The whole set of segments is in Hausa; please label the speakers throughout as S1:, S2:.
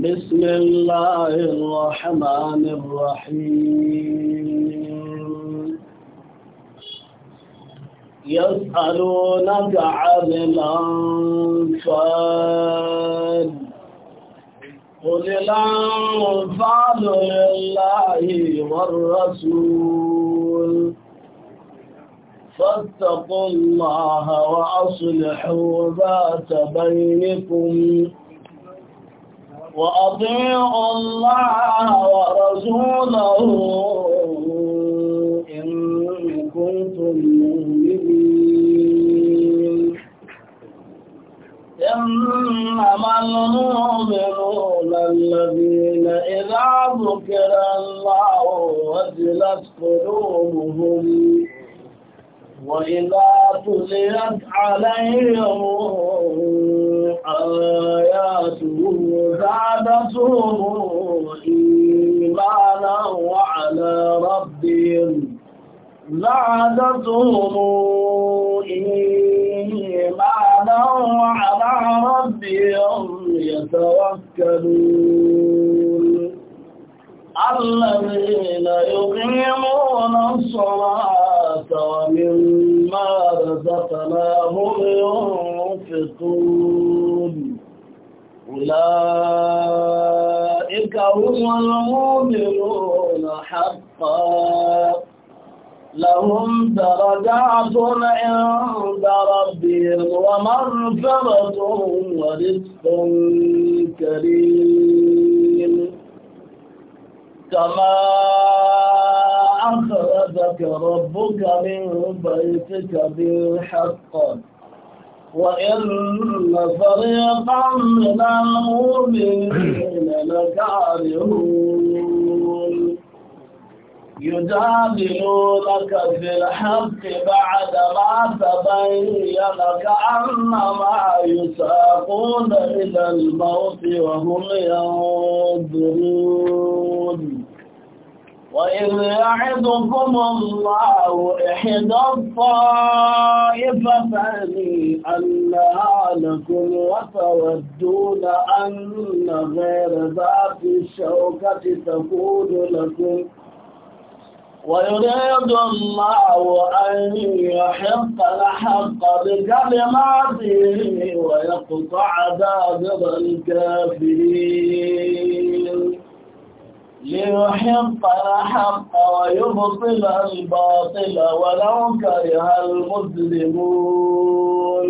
S1: بسم الله الرحمن الرحيم يسألونك عن الأنفال قل الأنفال لله والرسول فاتقوا الله وأصلحوا ذات بينكم وأطيعوا الله ورسوله إن كنتم مؤمنين إنما المؤمنون الذين إذا ذكر الله وجلت قلوبهم وإذا تليت عليهم آياته زادتهم إيمانا وعلى ربهم زادتهم إيمانا وعلى ربهم يتوكلون الذين يقيمون الصلاة ومما رزقناهم ينفقون ينفقون أولئك هم المؤمنون حقا لهم درجات عند ربهم ومغفرة ورزق كريم كما أخرجك ربك من بيتك بالحق وإن فريقا من المؤمنين لكارهون يجادلونك في الحق بعدما تبين كأنما يساقون إلى الموت وهم ينظرون وإذ يعظكم الله إحدى الطائفتين أنها لكم وتودون أن غير ذات الشوكة تكون لكم ويريد الله أن يحق الحق بكلماته ويقطع دابر الكافرين ليحق الحق ويبطل الباطل ولو كره المسلمون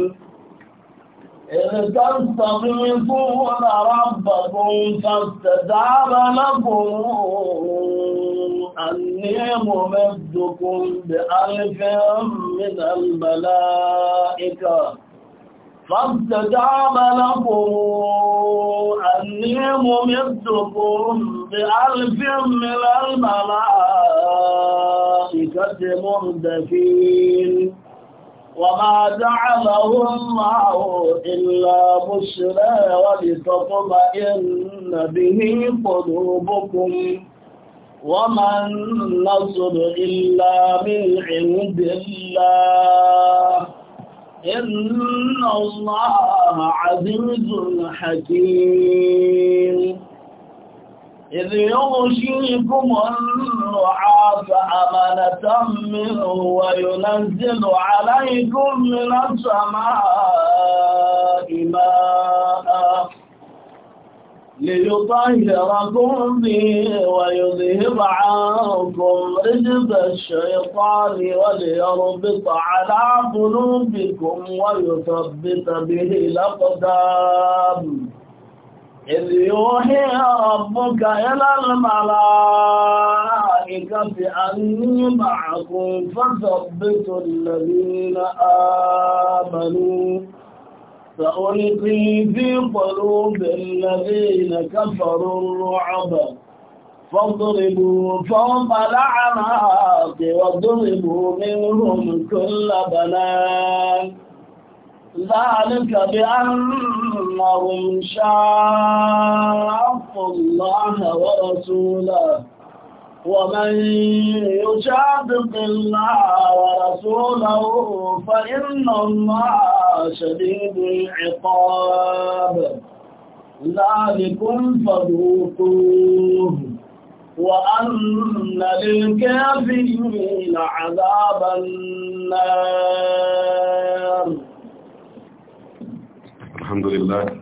S1: إذ تستغيثون ربكم فاستجاب لكم أني ممدكم بألف من الملائكة فاستجاب لكم أني ممدكم بألف من الملائكة مردفين وما جعله الله إلا بشرى ولتطمئن به قلوبكم وما النصر إلا من عند الله إن الله عزيز حكيم إذ يغشيكم النعاس أمنة منه وينزل عليكم من السماء ماءً ليطهركم به ويذهب عنكم رجب الشيطان وليربط على قلوبكم ويثبت به الأقدام إذ يوحي ربك إلى الملائكة أني معكم فثبتوا الذين آمنوا سألقي في قلوب الذين كفروا الرعب فاضربوا فوق الأعناق واضربوا منهم كل بنان ذلك بأنهم شاقوا الله ورسوله ومن يشاقق الله ورسوله فإن الله شديد العقاب ذلكم فذوقوه وأن للكافرين عذاب النار
S2: الحمد لله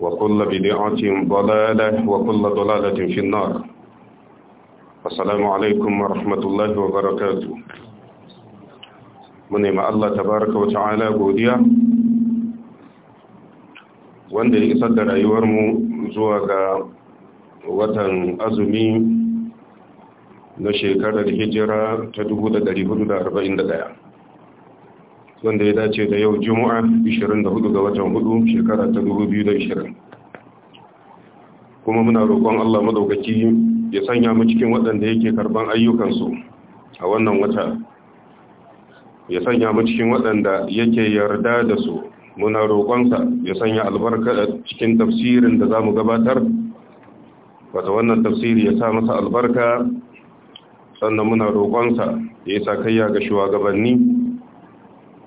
S2: وكل بدعة ضلالة وكل ضلالة في النار السلام عليكم ورحمة الله وبركاته من ما الله تبارك وتعالى godiya wanda ya isar da rayuwarmu zuwa ga watan azumi na shekarar hijira ta 1441 wanda ya dace da yau juma'a 24 ga watan hudu shekara ta 2020 kuma muna roƙon Allah madaukaki ya sanya mu cikin waɗanda yake karban ayyukansu a wannan wata ya sanya mu cikin waɗanda yake yarda da su muna roƙonsa ya sanya albarka cikin tafsirin da za mu gabatar wata wannan tafsiri ya sa masa albarka sannan muna roƙonsa ya yi kayya ga shugabanni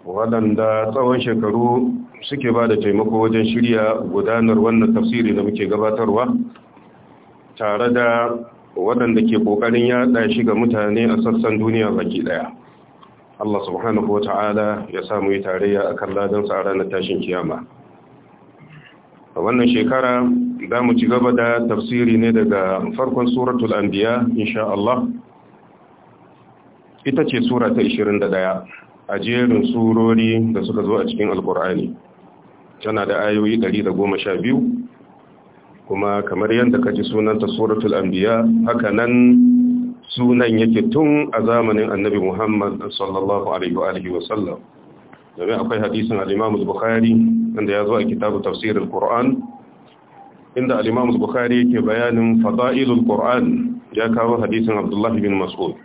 S2: waɗanda tsawon shekaru suke ba da taimako wajen shirya gudanar wannan tafsiri da muke gabatarwa tare da waɗanda ke ƙoƙarin yaɗa shi ga mutane a sassan duniya baki ɗaya Allah subhanahu wa ta'ala ya samu yi tarayya a kan ladan tsara na tashin kiyama a wannan shekara za mu ci gaba da tafsiri ne daga farkon suratul anbiya insha Allah ita ce sura ta 21 a jerin surori da suka zo a cikin alkur'ani tana da ayoyi 112 kuma kamar yadda ka ji sunanta suratul anbiya haka nan sunan yake tun a zamanin annabi muhammad sallallahu alaihi wa sallam. domin akwai hadisin al'imamus bukhari inda ya zo a kitabu tafsirin al inda al'imamus imam bukhari yake bayanin fada'ilul ƙur'ani, ya kawo hadisin abdullahi bin mas'ud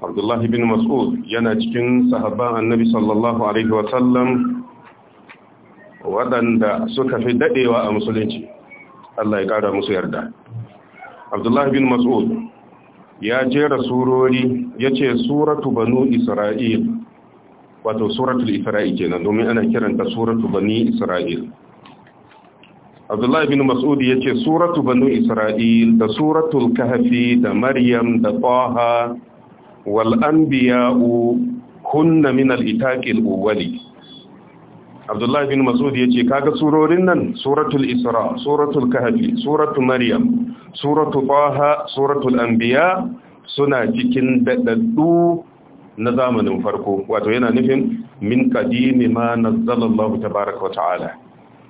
S2: abdullahi bin mas'ud yana cikin sahabban annabi sallallahu alaihi wasallam waɗanda suka fi daɗewa a musulunci Allah ya ƙara musu yarda abdullahi bin mas'ud ya jera surori ya ce suratu banu isra'il wato suratul isra'il kenan domin ana kiranta suratu bani isra'il abdullahi bin mas'ud ya ce suratu banu isra'il da suratul kahfi da maryam da taha wal anbiya'u hunna min al uwali. Abdullahi bin Mas'ud ya ce kaga surorin nan suratul Isra suratul Kahfi suratul Maryam suratul Baha, suratul Anbiya suna cikin dadaddu na zamanin farko wato yana nufin min qadimi ma nazzala Allah wa ta'ala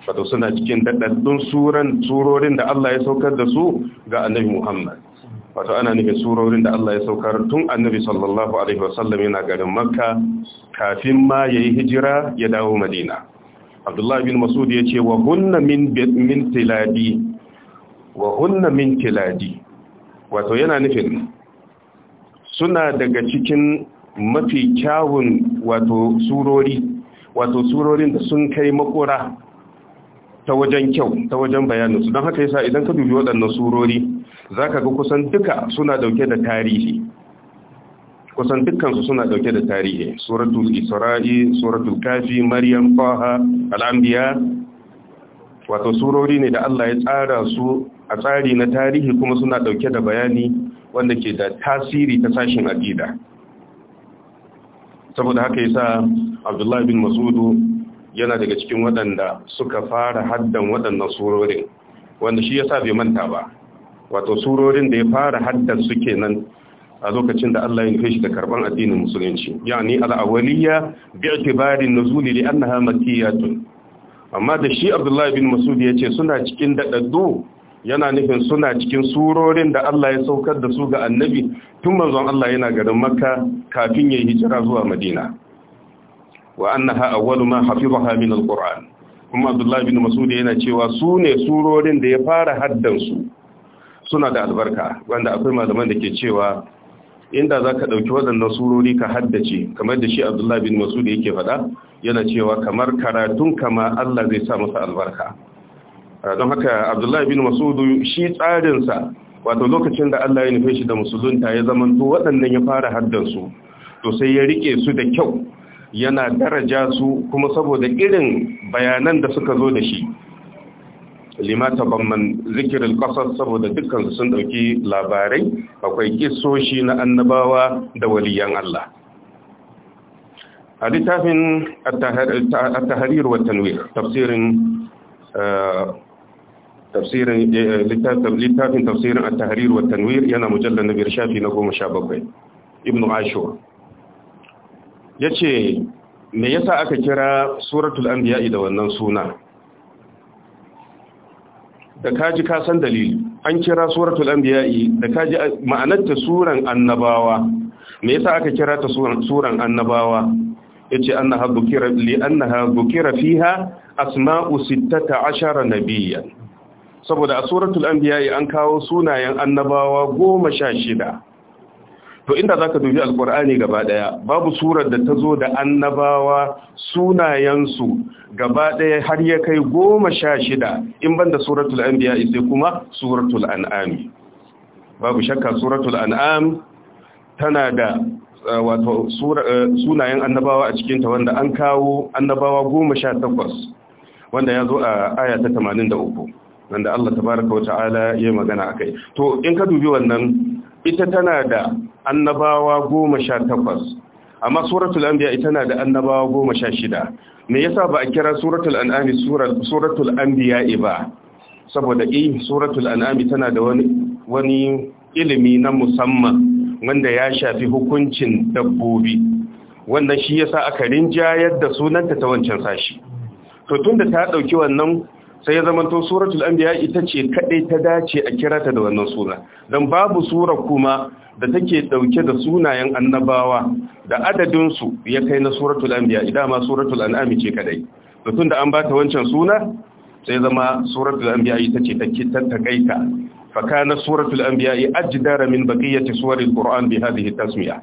S2: wato suna cikin dadaddun surorin da Allah ya saukar da su ga Annabi Muhammad wato ana nufin surorin da Allah ya saukar tun annabi sallallahu alaihi wasallam yana garin makka kafin ma ya yi hijira ya dawo madina abdullahi bin masud ya ce wa hunna min min tiladi wa hunna min tiladi wato yana nufin suna daga cikin mafi kyawun wato surori wato surorin da sun kai makora ta wajen kyau ta wajen bayaninsu don haka yasa idan ka dubi waɗannan surori za ka ga kusan duka suna ɗauke da tarihi kusan dukansu suna ɗauke da tarihi suratul isra'i suratul kafi maryam faha al'ambiya wato surori ne da allah ya tsara su a tsari na tarihi kuma suna ɗauke da bayani wanda ke da tasiri ta sashin aƙida saboda haka yasa abdullahi bin masudu yana daga cikin waɗanda suka fara haddan waɗannan surorin wanda shi ya sa bai manta ba wato surorin da ya fara haddan suke nan a lokacin da Allah ya nufe shi da karɓar addinin musulunci yani al-awwaliyya bi'tibarin nuzuli li annaha makkiyatun amma da shi Abdullahi bin Mas'ud ce suna cikin dadaddu yana nufin suna cikin surorin da Allah ya saukar da su ga annabi tun manzon Allah yana garin Makka kafin ya hijira zuwa Madina wa annaha awwalu ma hafizaha min alquran kuma abdullahi bin mas'ud yana cewa su ne surorin da ya fara haddan suna da albarka wanda akwai malaman da ke cewa inda zaka ka ɗauki waɗannan surori ka haddace kamar da shi abdullahi bin masud yake faɗa yana cewa kamar karatun kama allah zai sa masa albarka don haka abdullahi bin masud shi sa wato lokacin da allah ya nufe shi da musulunta ya zamanto waɗannan ya fara haddansu to sai ya rike su da kyau yana daraja su kuma saboda irin bayanan da suka zo da shi limata man zikirin kasar saboda dukkan sun dauki labarai akwai kisoshi na annabawa da waliyan Allah a littafin at-tahrir wa tanwir tafsirin eh, tafsirin eh, littafin tafsirin at-tahrir wa tanwir yana mujallal na shafi na 17 ibnu ashur Ya ce me yasa aka kira suratul anbiya da wannan suna da kaji ka san dalili an kira suratul anbiya da kaji ma'anar suran annabawa me yasa aka kira ta suran annabawa yace annaha dhukira li annaha dhukira fiha asma'u 16 nabiyyan saboda a suratul anbiya an kawo sunayen annabawa 16 to inda zaka dubi alqur'ani gaba daya babu surar da ta zo da annabawa sunayensu gaba daya har ya kai goma sha shida in banda suratul anbiya sai kuma suratul an'am babu shakka suratul an'am tana da eh, wato eh, sunayen annabawa a cikin ta wanda an kawo annabawa goma sha takwas wanda ya zo a aya ta tamanin da uku wanda Allah tabaraka wa ta'ala ya magana a kai to in ka dubi wannan ita tana da annabawa goma sha takwas amma suratul anbiya ita na da annabawa goma sha shida me yasa ba a kira suratul an'ami suratul anbiya ba saboda eh suratul an'ami tana da wani ilimi na musamman wanda ya shafi hukuncin dabbobi wannan shi yasa aka rinjayar da sunanta ta wancan sashi to tunda ta dauki wannan sai ya zamanto suratul anbiya ita ce kadai ta dace a kirata da wannan suna dan babu sura kuma da take dauke da sunayen annabawa da adadin su ya kai na suratul anbiya idan ma suratul an'am ce kadai to da an bata wancan suna sai zama suratul anbiya ita ce take tattakaita fa kana suratul anbiya ajdara min baqiyati suwaril qur'an bi hadhihi tasmiya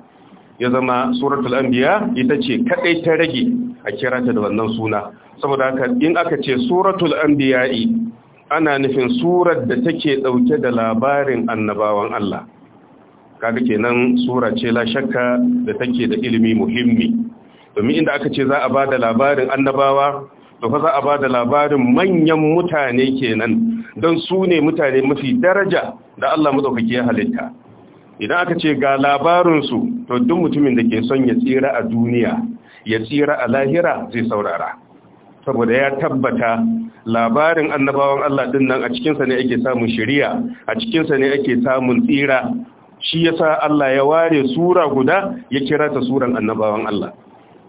S2: ya zama suratul anbiya ita ce kadai ta rage a kira ta da wannan suna saboda haka in aka ce suratul anbiya'i ana nufin surar da take dauke da labarin annabawan Allah kaga kenan sura ce la shakka da take da ilimi muhimmi domin inda aka ce za a bada labarin annabawa to fa za a bada labarin manyan mutane kenan don su ne mutane mafi daraja da Allah madaukaki ya halitta idan aka ce ga labarinsu to duk mutumin da ke son ya tsira a duniya ya tsira a lahira zai saurara saboda ya tabbata labarin annabawan Allah din nan a cikinsa ne ake samun shiriya a cikinsa ne ake samun tsira shi ya sa Allah ya ware sura guda ya kira ta suran annabawan Allah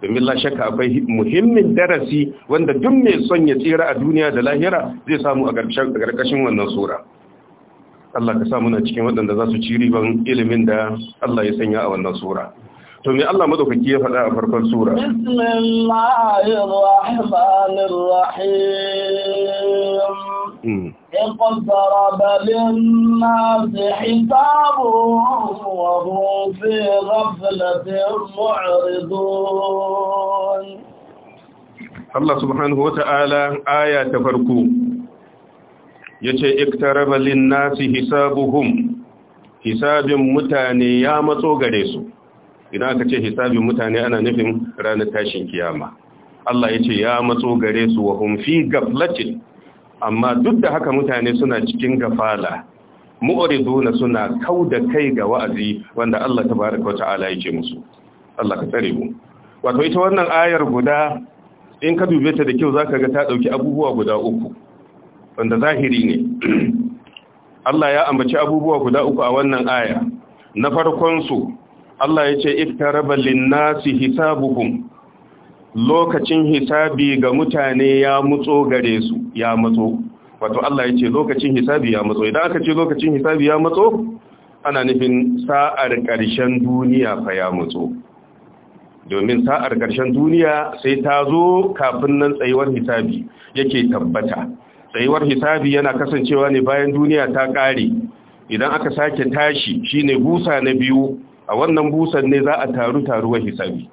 S2: domin la shakka akwai muhimmin darasi wanda duk mai son ya tsira a duniya da lahira zai samu a ƙarƙashin wannan sura Allah ka sa muna cikin waɗanda za su ci riban ilimin da Allah ya sanya a wannan sura to me Allah madaukaki ya faɗa a farkon sura
S1: bismillahir rahmanir rahim اقترب للناس حسابهم وهم في غفلة معرضون
S2: الله سبحانه وتعالى آية تفرقو يتي اقترب للناس حسابهم حساب متاني يا متوغريسو idan aka ce hisabin mutane ana nufin ranar tashin kiyama Allah ya ce ya matso gare su wa hum fi gaflatin amma duk da haka mutane suna cikin gafala mu'riduna suna kauda kai ga wa'azi wanda Allah tabaaraka ta'ala yake musu Allah ka tsare mu wato ita wannan ayar guda in ka dube ta da kyau zaka ga ta dauki abubuwa guda uku wanda zahiri ne Allah ya ambaci abubuwa guda uku a wannan aya na farkon su Allah ya ce iftaraba linnasi hisabuhum lokacin hisabi ga mutane ya mutso gare su ya mutso wato Allah ya ce lokacin hisabi ya mutso idan aka ce lokacin hisabi ya mutso ana nufin sa'ar ƙarshen duniya fa ya mutso domin sa'ar ƙarshen duniya sai ta zo kafin nan tsayuwar hisabi yake tabbata tsayuwar hisabi yana kasancewa ne bayan duniya ta ƙare idan aka sake tashi shine busa na biyu a wannan busan ne za a taru taruwar hisabi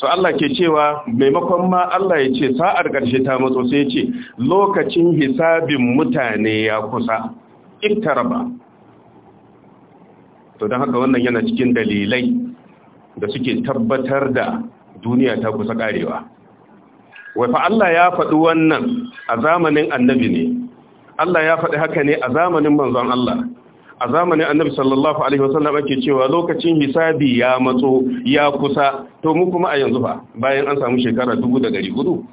S2: so Allah ke cewa maimakon ma Allah ya ce sa'ar ƙarshe ta matso sai ya ce lokacin hisabin mutane ya kusa iktaraba to don haka wannan yana cikin dalilai da suke tabbatar da duniya ta kusa karewa wai fa Allah ya faɗi wannan a zamanin annabi ne Allah ya faɗi haka ne a zamanin manzon Allah a zamanin annabi sallallahu alaihi wasallam ake cewa lokacin hisabi ya matso ya kusa to mu kuma a yanzu fa bayan an samu shekara dubu da gari gudu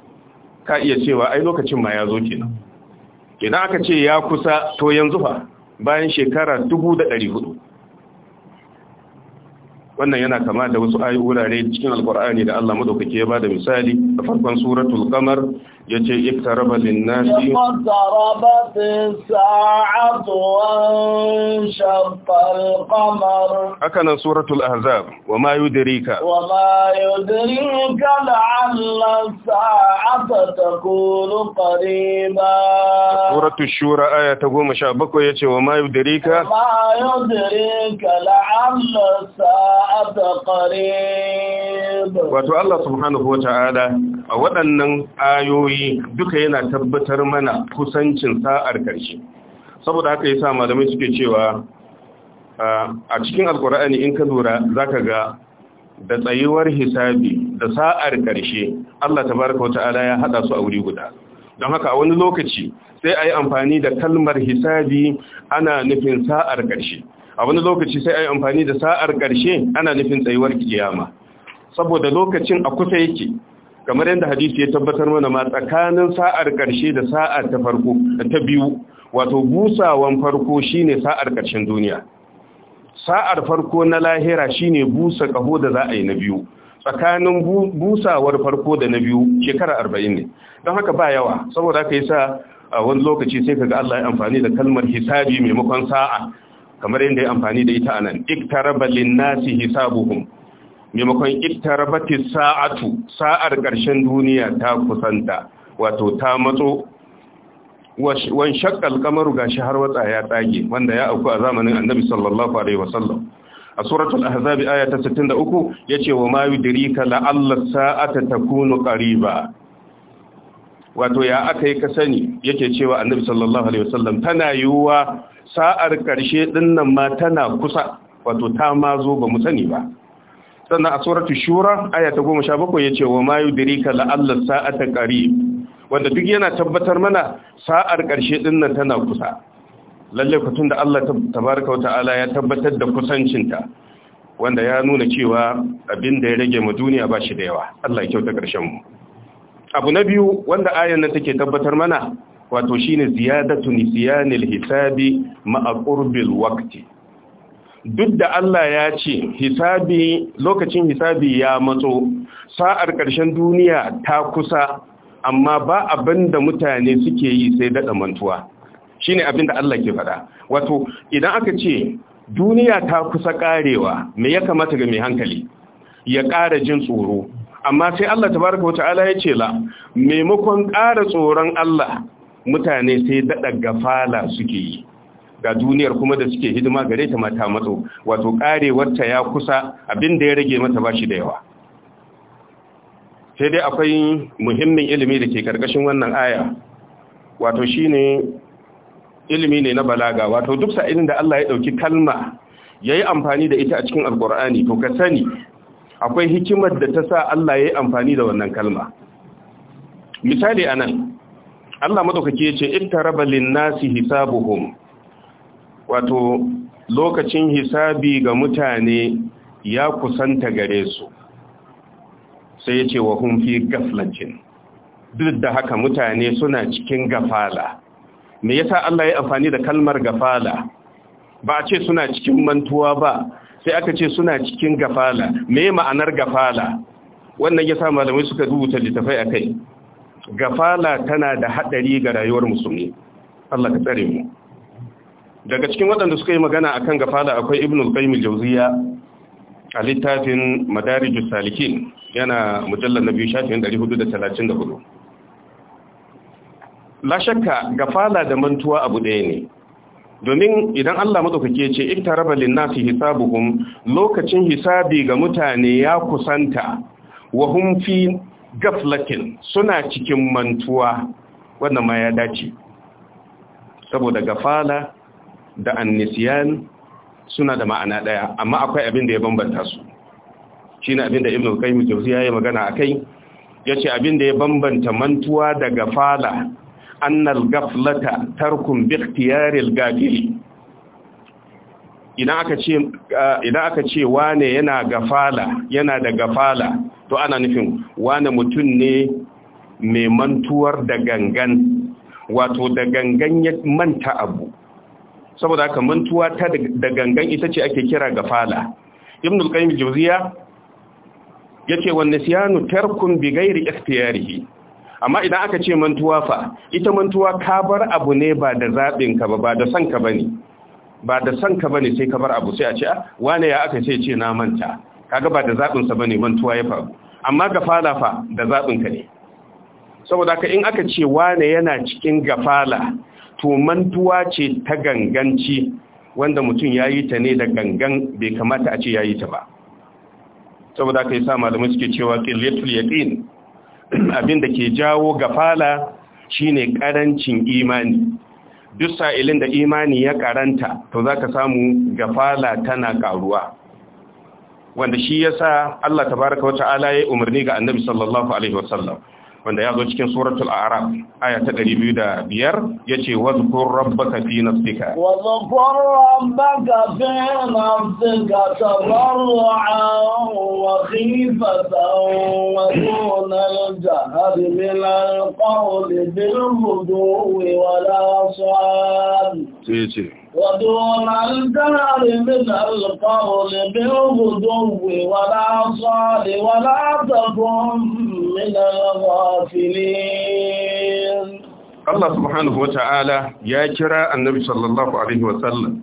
S2: ka iya cewa ai lokacin ma ya zo kenan kenan aka ce ya kusa to yanzu fa bayan shekara dubu da ɗari wannan yana kama da wasu ayi wurare cikin alkur'ani da Allah madaukake ya bada misali a farkon suratul qamar yace iktaraba linnasi
S1: qarabat sa'atu shaqqa al-qamar
S2: haka nan suratul ahzab wama yudrika
S1: wama yudrika la'alla sa'ata takunu qariba
S2: suratul shura aya ta ya goma sha 17 yace wama yudrika
S1: wama yudrika la'alla sa'ata qarib
S2: wato Allah subhanahu wa ta'ala a waɗannan ayoyi yi eh, duka yana tabbatar mana kusancin sa'ar ƙarshe saboda haka sa malamai suke cewa a cikin alkur'ani in ka lura za ka ga da tsayuwar hisabi da sa'ar ƙarshe Allah ta wata wata'ala ya haɗa su a wuri guda don haka a wani lokaci sai a yi amfani da kalmar hisabi ana nufin sa'ar ƙarshe a wani lokaci sai a yi amfani da sa'ar ƙarshe ana nufin tsayuwar kiyama saboda lokacin a kusa yake kamar yadda hadisi ya tabbatar mana ma tsakanin sa'ar ƙarshe da sa'ar ta farko ta biyu wato busawan farko shine sa'ar ƙarshen duniya sa'ar farko na lahira shine busa kaho da za a yi na biyu tsakanin busawar farko da na biyu shekara arba'in ne don haka ba yawa saboda aka yasa a wani lokaci sai kaga Allah ya amfani da kalmar hisabi maimakon sa'a kamar yadda ya amfani da ita anan iktaraba lin-nasi hisabuhum maimakon ittarafati sa'atu sa'ar ƙarshen duniya ta kusanta wato ta matso wan shakkal kamaru gashi har watsa ya tsage wanda ya auku a zamanin annabi sallallahu alaihi wasallam a suratul ahzab aya ta 63 yace wa ma yudrika la alla sa'ata takunu qariba wato ya akai ka sani yake cewa annabi sallallahu alaihi wasallam tana yiwuwa sa'ar karshe dinnan ma tana kusa wato ta ma zo ba mu sani ba sannan a suratu shura aya ta goma sha bakwai ya ce wa mayu yudrika la'alla sa'ata ƙari. wanda duk yana tabbatar mana sa'ar ƙarshe dinnan tana kusa lallai kutun da Allah tabaraka wa ta'ala ya tabbatar da kusancinta wanda ya nuna cewa abin da ya rage mu duniya ba shi da yawa Allah ya kyauta ƙarshen mu abu na biyu wanda ayan nan take tabbatar mana wato shine ziyadatu nisyanil hisabi ma'a qurbil waqti duk da Allah ya ce hisabi lokacin hisabi ya matso sa'ar ƙarshen duniya ta kusa amma ba abin da mutane suke yi sai daɗa mantuwa shi ne abin da Allah ke faɗa wato idan aka ce duniya ta kusa ƙarewa me ya kamata ga mai hankali ya ƙara jin tsoro amma sai Allah tabaraka wata ala ya ce la maimakon ƙara tsoron Allah mutane sai daɗa gafala suke yi ga duniyar kuma da suke hidima gare ta mata matso wato karewarta ya kusa abin da ya rage mata bashi da yawa sai dai akwai muhimmin ilimi da ke karkashin wannan aya wato shine ilimi ne na balaga wato duk sa'ilin da Allah ya dauki kalma yayi amfani da ita a cikin alqur'ani to ka sani akwai hikimar da ta sa Allah ya yi amfani da wannan kalma misali anan Allah madaukake yace ittaraba lin-nasi hisabuhum wato lokacin hisabi ga mutane ya kusanta gare su sai ya ce wa hunfi gaflancin duk da haka mutane suna cikin gafala me yasa Allah ya amfani da kalmar gafala ba a ce suna cikin mantuwa ba sai aka ce suna cikin gafala me ma'anar gafala wannan yasa malamai suka rubuta littafai akai gafala tana da haɗari ga rayuwar musulmi Allah ka tsare mu daga cikin waɗanda suka yi magana kan gafala akwai ibn al-qayyim al-jawziya a littafin madarijus salikin yana mujallar na biyu shafin 434 la shakka gafala da mantuwa abu ɗaya ne domin idan Allah madaukake ce iktaraba lin-nasi hisabuhum lokacin hisabi ga mutane ya kusanta wa hum fi gaflatin suna cikin mantuwa wannan ma ya dace saboda gafala da annisiyan suna da ma'ana ɗaya amma akwai abin da ya bambanta su shi ne abin da ibn al-qayyim ya ya magana akai ce abin da ya bambanta mantuwa daga fala, annal gaflata tarkun bi ikhtiyari gafil idan aka ce idan aka ce wane yana gafala yana da gafala to ana nufin wane mutum ne mai mantuwar da gangan wato da gangan ya manta abu saboda haka mantuwa ta da gangan ita ce ake kira gafala ibn al-qayyim jawziya yace wan nisyanu tarkun bi ghairi ikhtiyarihi amma idan aka ce mantuwa fa ita mantuwa ka bar abu ne ba da zabin ka ba ba da son ka bane ba da son ka bane sai ka bar abu sai a ce ah, wane ya aka ce ce na manta kaga ba da zabin sa bane mantuwa ya faru amma gafala fa da zabin ka ne saboda haka in aka ce wane yana cikin gafala to mantuwa ce ta ganganci wanda mutum ya yi ta ne da gangan bai kamata a ce ya yi ta ba saboda ka yi sa malamai suke cewa ƙilyatul yaƙin abin da ke jawo ga gafala shine ƙarancin imani duk sa'ilin da imani ya ƙaranta to za ka samu fala tana ƙaruwa wanda shi ya sa Allah tabaraka wata ala ya umarni ga annabi sallallahu alaihi wasallam wanda ya zo cikin suratul araf aya ta 205 yace wazkur rabbaka fi nafsika
S1: wazkur rabbaka fi nafsika tadarruan wa khifatan wa dun al-jahr min al-qawli bil-hudu wa la ودون الجهر من القول بالغدو ولا صال ولا تكن من الغافلين
S2: Allah subhanahu ta'ala ya kira annabi sallallahu alaihi wasallam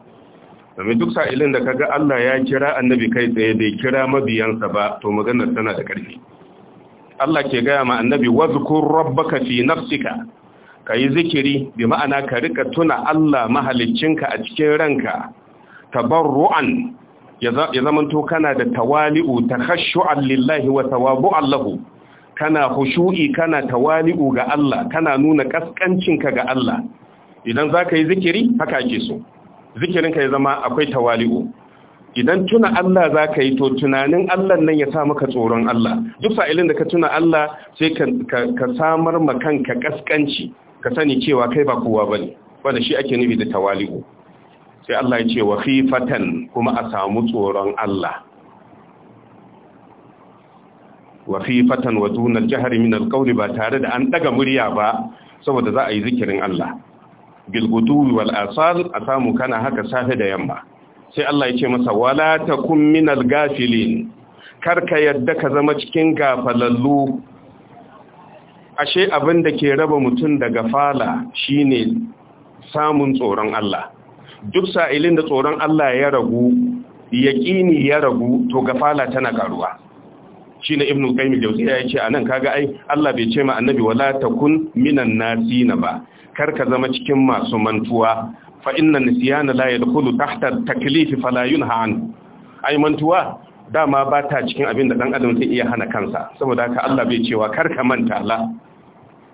S2: mai duk sa'ilin da kaga Allah ya kira annabi kai tsaye bai kira mabiyansa ba to maganar tana da ƙarfi Allah ke gaya ma annabi wazkur rabbaka fi nafsika ka yi zikiri bi ma'ana ka rika tuna Allah mahalicinka a cikin ranka tabarru'an ya zamanto kana da tawali'u ta takhashu'an lillahi wa tawabu Allahu". kana hushu'i, kana tawali'u ga Allah kana nuna kaskancinka ga Allah idan zaka yi zikiri haka ake so zikirinka ya zama akwai tawali'u idan tuna Allah za ka yi to tunanin Allah nan ya sa maka tsoron Allah duk sa'ilin da ka tuna Allah sai ka samar ma kanka kaskanci ka sani cewa kai ba kowa ba ne wanda shi ake nufi da tawali'u sai Allah ya ce wa fatan kuma a samu tsoron Allah wa fatan wa dunal jahri min ba tare da an daga murya ba saboda za a yi zikirin Allah bilgudu wal asal a samu kana haka safe da yamma sai Allah ya ce masa wala takum min gafilin kar ka yarda ka zama cikin gafalallu ashe abin da ke raba mutum daga fala shine samun tsoron Allah duk sa'ilin da tsoron Allah ya ragu yaƙini ya ragu to gafala tana karuwa shine ibnu qayyim jawziya yace anan kaga ai Allah bai ce ma annabi wala takun minan nasina ba kar ka zama cikin masu mantuwa fa inna nisyana la yadkhulu tahta taklif fala yunha an ai mantuwa dama ba ta cikin abin da ɗan adam zai iya hana kansa saboda haka Allah bai cewa kar ka manta la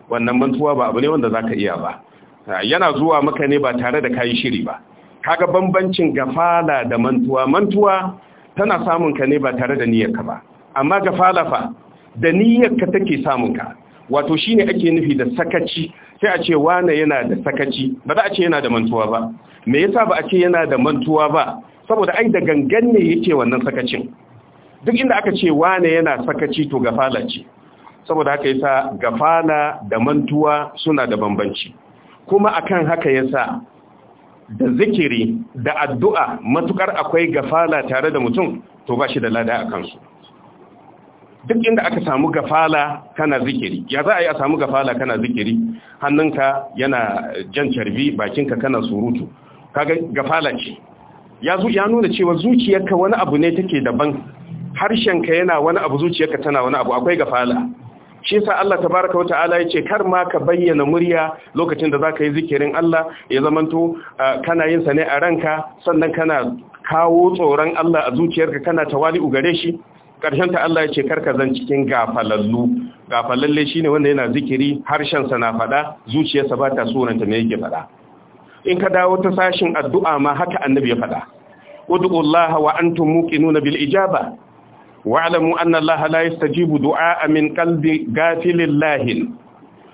S2: wannan mantuwa ba abu ne wanda zaka iya ba ah, yana zuwa maka ne ba tare da kayi shiri ba kaga bambancin gafala da mantuwa mantuwa tana samun ka ne ba tare da niyyarka ba amma gafala fa da niyyarka take samun ka wato shine ake nufi da sakaci sai a ce wane yana da sakaci ba za a ce yana da mantuwa ba me yasa ba a ce yana da mantuwa ba saboda ai da gangan ne yake wannan sakacin duk inda aka ce wane yana sakaci to gafala ce saboda haka yasa gafala da mantuwa suna da bambanci kuma akan haka yasa da zikiri da addu'a matukar akwai gafala tare da mutum to ba shi da lada a kansu duk inda aka samu gafala kana zikiri ya za a yi a samu gafala kana zikiri hannunka yana jan carbi bakinka kana surutu kaga gafala ce ya nuna cewa zuciyarka wani abu ne take daban harshenka yana wani abu zuciyarka tana wani abu akwai gafala shi yasa Allah tabaraka wa ta'ala yace kar ma ka bayyana murya lokacin da zaka yi zikirin Allah ya zamanto kana yin sa ne a ranka sannan kana kawo tsoron Allah a zuciyarka kana tawali'u gare shi karshen ta Allah yace kar ka zan cikin gafalallu gafalalle shine wanda yana zikiri harshen sa na fada zuciyarsa ba ta suranta me yake fada in ka dawo ta sashin addu'a ma haka annabi ya faɗa ud'ullaha wa antum muqinuna bil ijaba wa'lamu anna allaha la yastajibu du'a min qalbi gafilin lahin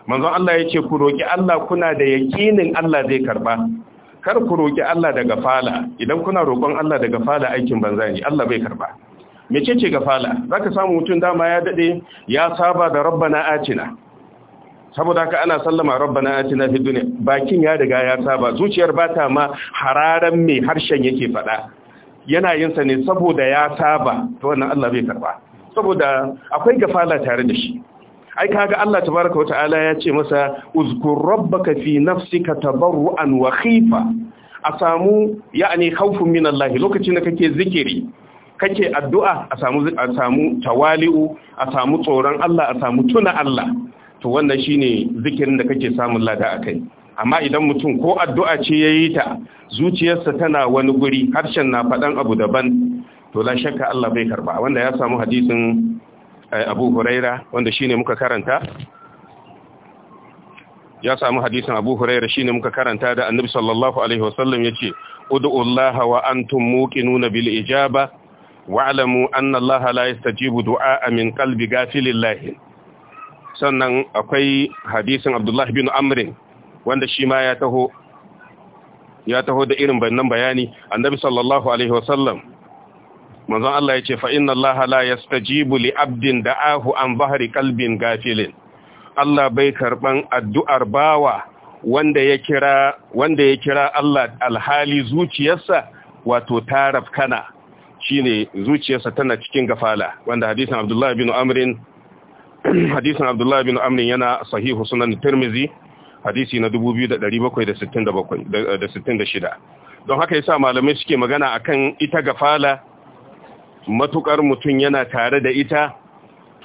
S2: manzon Allah ya ce ku roƙi Allah kuna da yakinin Allah zai karba kar ku roki Allah daga fala idan kuna roƙon Allah daga fala aikin banza ne Allah bai karba mecece gafala zaka samu mutum dama ya dade ya saba da rabbana atina saboda haka ana sallama rabbana atina fid dunya bakin ya riga ya saba zuciyar ba ta ma hararan me harshen yake fada yana yin sa ne saboda ya saba to wannan Allah bai karba saboda akwai gafala tare da shi ai kaga Allah tabaaraka ta'ala ya ce masa uzkur rabbaka fi nafsika tabarruan wa khifa a samu ya'ani khawfun min Allah lokacin da kake zikiri kake addu'a a samu a samu tawali'u a samu tsoron Allah a samu tuna Allah to wannan shine zikirin da kake samun lada akai amma idan mutum ko addu'a ce yayi ta zuciyarsa tana wani guri harshen na faɗan abu daban to la shakka Allah bai karba wanda ya samu hadisin eh, Abu Huraira wanda shine muka karanta ya samu hadisin Abu Huraira shine muka karanta da Annabi sallallahu alaihi wasallam yace ud'u Allah wa antum muqinuna bil ijaba wa'lamu anna Allah la yastajibu du'a min qalbi ghafilillah sannan akwai hadisin abdullahi bin amrin wanda shi ma ya taho da irin bannan bayani annabi sallallahu alaihi wasallam manzon Allah ya ce fa inna Allah la yastajibu li abdin da'ahu an bahri qalbin gafilin Allah bai karban addu'ar bawa wanda ya kira wanda ya kira Allah alhali zuciyarsa wato tarafkana shine zuciyarsa tana cikin gafala wanda hadisin Abdullah bin Amrin hadisin abdullahi bin amrin yana sahihu sunan tirmizi hadisi na 2767 don haka yasa malamai suke magana akan ita gafala matukar mutum yana tare da ita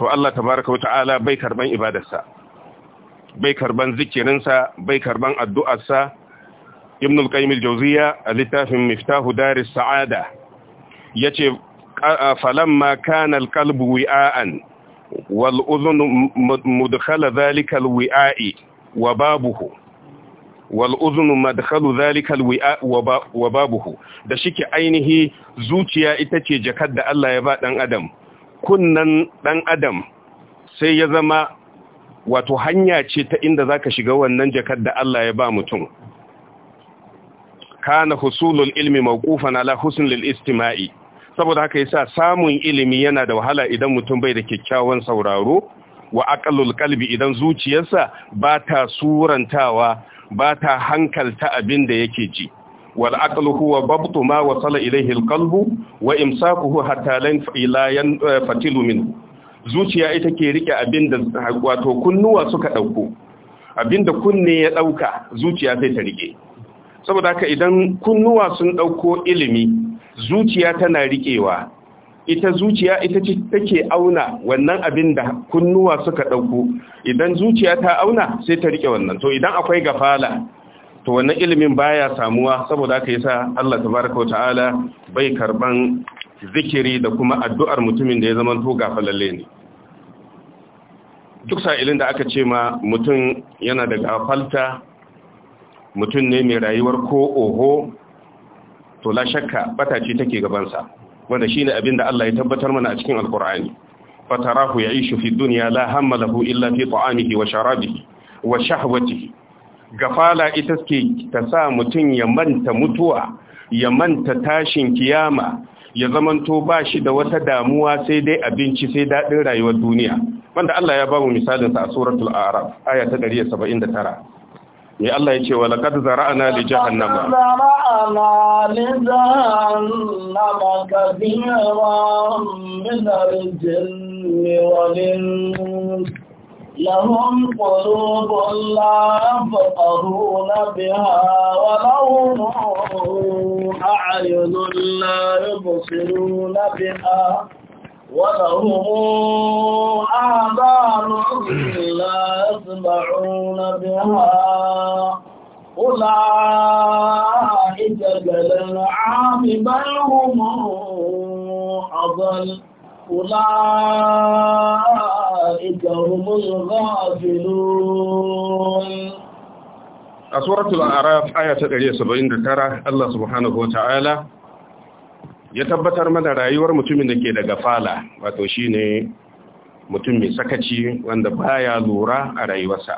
S2: to Allah tabaraka ta'ala bai karban ibadarsa bai karban zikirinsa bai karban addu'arsa ibn al-qayyim al-jawziya a littafin miftahu daris sa'ada yace falamma kana al-qalbu wi'an wal uzun mudkhala dhalika wi'a'i wa babuhu wal uzun da shike ainihi zuciya ita ce jakar da Allah ya ba dan adam kunnan ɗan adam sai ya zama wato hanya ce ta inda zaka shiga wannan jakar da Allah ya ba mutum kana husulul ilmi mawqufan ala husnil istima'i saboda haka yasa samun ilimi yana da wahala idan mutum bai da kyakkyawan sauraro wa aqallul qalbi idan zuciyarsa ba ta surantawa ba ta hankalta abin da yake ji wal aqlu huwa babtu ma wasala ilayhi al qalbu wa imsakuhu hatta lan ila eh, fatilu min zuciya ita ke rike abin da wato kunnuwa suka dauko abin da kunne ya dauka zuciya sai ta rike saboda haka idan kunnuwa sun dauko ilimi zuciya tana riƙewa ita zuciya ita ce take auna wannan abin da kunnuwa suka ɗauko idan zuciya ta auna sai ta riƙe wannan to idan akwai gafala to wannan ilimin baya samuwa saboda aka yasa Allah tabaraka wa ta'ala bai karban zikiri da kuma addu'ar mutumin da ya zama to gafalalle ne duk sa'ilin da aka ce ma mutum yana da gafalta mutum ne mai rayuwar ko oho to la shakka bata ce take gabansa wanda shine abin da Allah ya tabbatar mana a cikin alkur'ani fatarahu ya'ishu fi dunya la hamma lahu illa fi ta'amihi wa sharabihi wa shahwatihi gafala ita ce ta sa mutum ya manta mutuwa ya manta tashin kiyama ya zamanto ba shi da wata damuwa sai dai abinci sai daɗin rayuwar duniya wanda Allah ya ba mu misalinsa a suratul araf aya ta 179 me Allah ya ce wa laqad zara'na li jahannama
S1: zara'na li jahannama kathiran min al-jinni wal insi لهم قلوب لا يفقهون بها ولهم أعين لا يبصرون بها ولهم آذان لا يسمعون بها أولئك كالأنعام بل هم أضل أولئك هم الغافلون
S2: أسورة الأعراف آية aya ta 179 Allah subhanahu wa ya tabbatar mana rayuwar mutumin da ke daga Fala, wato shi ne mutum mai sakaci wanda baya lura a rayuwarsa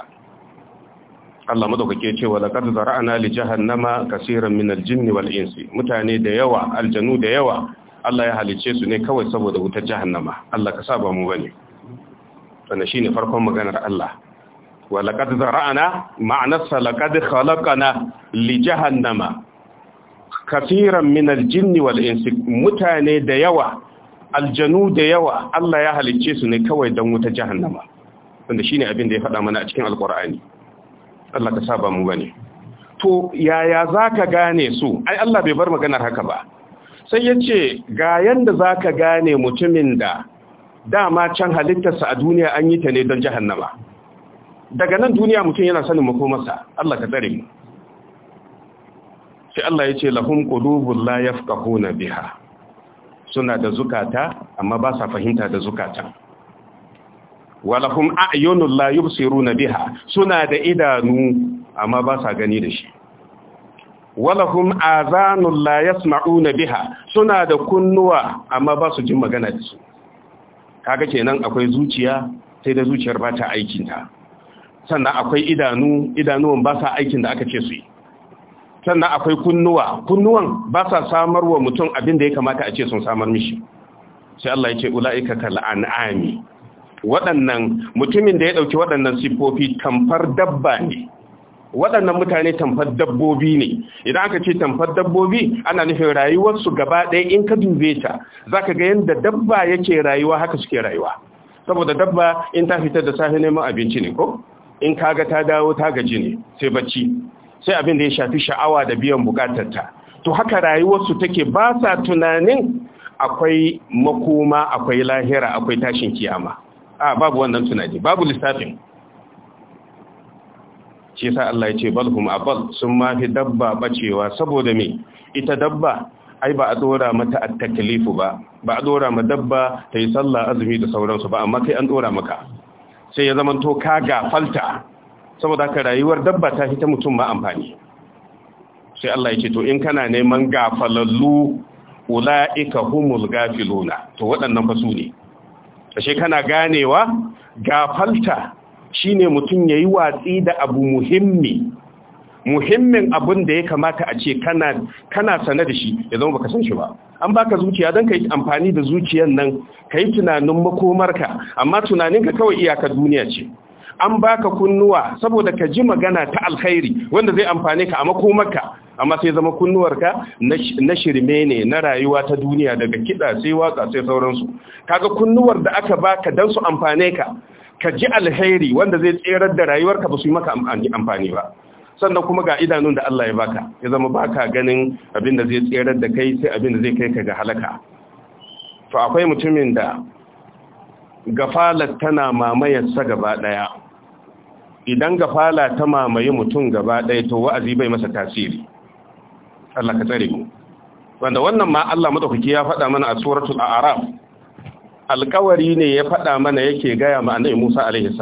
S2: Allah madaukake cewa laqad zara'na li jahannama kaseeran min al-jinni wal insi mutane da yawa aljanu da yawa Allah ya halice su ne kawai saboda wutar jahannama Allah ka saba mu bane wannan shine farkon maganar Allah wa laqad zara'na ma'anarsa laqad khalaqana li jahannama kafiran min aljinni wal insi mutane da yawa aljanu da yawa Allah ya halicce su ne kawai don wuta jahannama wanda ne abin da ya faɗa mana a cikin alqur'ani Allah ka saba mu bane to yaya zaka gane su ai Allah bai bar maganar haka ba sai yace ga za zaka gane mutumin da dama can halittarsa a duniya an yi ta ne don jahannama daga nan duniya mutum yana sanin makomarsa Allah ka tsare mu sai Allah ya ce lahun qulubun la yafqahuna biha suna da zukata amma ba sa fahimta da zukatan walahum a'yunun la yubsiruna biha suna da idanu amma ba sa gani da shi walahum azanun la yasma'una biha suna da kunnuwa amma ba su jin magana da su kaga kenan akwai zuciya sai da zuciyar ba ta aikin sannan akwai idanu idanuwan ba sa aikin da aka ce su yi sannan akwai kunnuwa kunnuwan ba sa samar wa mutum abin da ya kamata a ce sun samar mishi sai Allah ya ce ula'ika kal waɗannan mutumin da ya ɗauki waɗannan siffofi tamfar dabba ne waɗannan mutane tamfar dabbobi ne idan aka ce tamfar dabbobi ana nufin rayuwarsu gaba ɗaya in ka dube ta za ka ga yadda dabba yake rayuwa haka suke rayuwa saboda dabba in ta fitar da safe neman abinci ne ko in ka ga ta dawo ta gaji ne sai bacci sai abin da ya shafi sha'awa da biyan bukatarta to haka rayuwarsu take ba sa tunanin akwai makoma akwai lahira akwai tashin kiyama a babu wannan tunani babu lissafin shi sa Allah ya ce balhum abal sun mafi dabba bacewa saboda me ita dabba ai ba a dora mata at-taklifu ba ba a dora ma dabba ta yi sallah azumi da sauransu ba amma kai an dora maka sai ya zamanto kaga falta. saboda ka rayuwar dabba ta hita mutum ma amfani sai Allah ya ce to in kana neman gafalallu ula'ika humul gafiluna to waɗannan fasu ne ashe kana ganewa gafalta shine mutum yayi watsi da abu muhimmi muhimmin abun da ya kamata a ce kana kana sane da shi ya zama baka san shi ba an baka zuciya dan kai amfani da zuciyar nan kai tunanin makomarka amma tunaninka kawai iyaka duniya ce an baka kunnuwa saboda ka ji magana ta alkhairi wanda zai amfane ka a makomarka amma sai zama kunnuwarka na shirme ne na rayuwa ta duniya daga kiɗa sai watsa sai sauransu kaga kunnuwar da aka baka dan su amfane ka ka ji alkhairi wanda zai tserar da rayuwarka ba su yi maka amfani ba sannan kuma ga idanun da Allah ya baka ya zama baka ganin abin da zai tserar da kai sai abin da zai kai ka ga halaka to akwai mutumin da gafalar tana mamayarsa gaba ɗaya. idan ga Fala ta mamaye mutum gaba ɗaya to wa'azi bai masa tasiri Allah ka tsare mu wanda wannan ma Allah madaukaki ya faɗa mana a suratul a'raf alƙawari ne ya faɗa mana yake gaya ma annabi Musa alaihi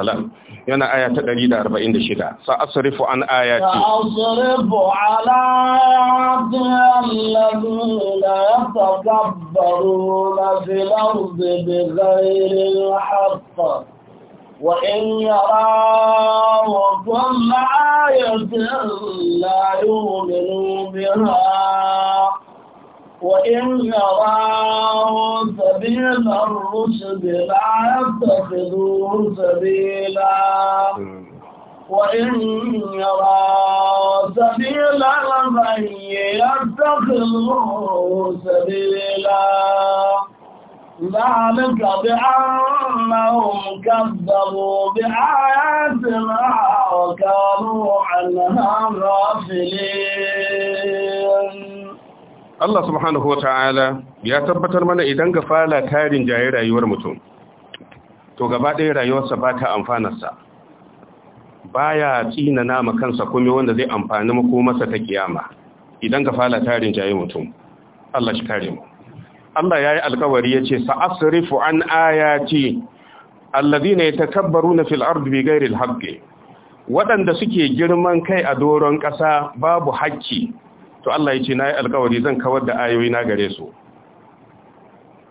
S2: yana aya ta 146 sa asrifu an ayati
S1: asrifu ala alladhina yatakabbaruna fil وإن يراه ثم آية لا يؤمنوا بها وإن يراه سبيل الرشد لا يتخذوه سبيلا وإن يراه سبيل الغي يتخذوه سبيلا ذلك بأنهم كذبوا بآياتنا وكانوا عنها غافلين Allah
S2: subhanahu wa ta'ala ya tabbatar mana idan fala tarin jaye rayuwar mutum, to gaba ɗaya rayuwarsa ba ta amfanarsa, ba ya tsina nama kansa kome wanda zai amfani makomarsa ta kiyama idan fala tarin jaye mutum, Allah shi kare mu. Allah ya yi alkawari ya ce sa'asrifu an ayati alladhina yatakabbaruna fil ardi bighairi alhaqqi waɗanda suke girman kai a doron ƙasa babu hakki to Allah ya ce na yi alkawari zan kawar da ayoyi na gare su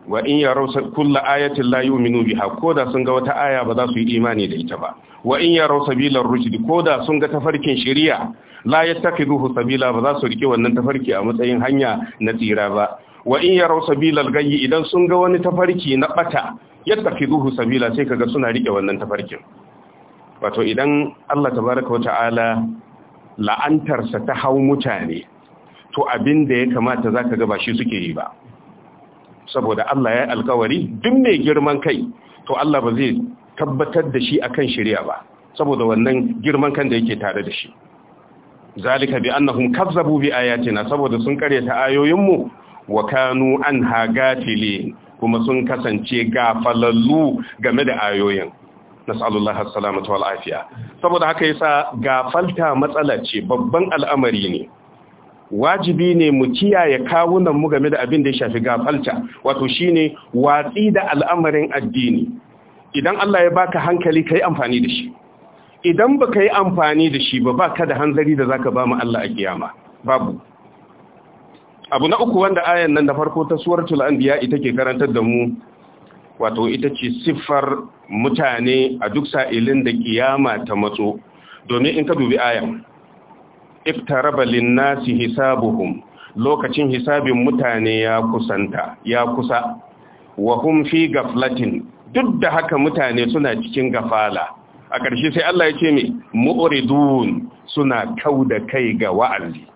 S2: wa in yaraw kulla ayatin la yu'minu ko da sun ga wata aya ba za su yi imani da ita ba wa in bilan sabilar ko da sun ga tafarkin shari'a la duhu sabila ba za su rike wannan tafarki a matsayin hanya na tsira ba wa in yaraw sabilal gayyi idan sun ga wani tafarki na bata duhu sabila sai kaga suna rike wannan tafarkin wato idan Allah tabaaraka la'antar la'antarsa ta hau mutane to abin da ya kamata zaka ga ba shi suke yi ba saboda Allah ya alkawari duk mai girman kai to Allah ba zai tabbatar da shi akan shari'a ba saboda wannan girman kan da yake tare da shi zalika bi annahum kazzabu bi ayatina saboda sun karyata mu. wa kanu an hagatile kuma sun kasance gafalallu game da ayoyin nasallallahu assalamatu wal afiya saboda haka yasa gafalta matsala ce babban al'amari ne wajibi ne mu kiyaye kawunan mu game da abin da ya shafi gafalta wato shine watsi da al'amarin addini idan Allah ya baka hankali kai amfani da shi idan baka yi amfani da shi ba baka da hanzari da zaka ba mu Allah a kiyama babu abu na uku wanda ayan nan da farko ta suratul anbiya ita ke karantar da mu wato ita ce siffar mutane a duk sa'ilin da kiyama ta matso domin in ka dubi ayan iftaraba linnasi hisabuhum lokacin hisabin mutane ya kusanta ya kusa wa hum fi gaflatin duk da haka mutane suna cikin gafala a ƙarshe sai Allah ya ce me mu'ridun suna da kai ga wa'azi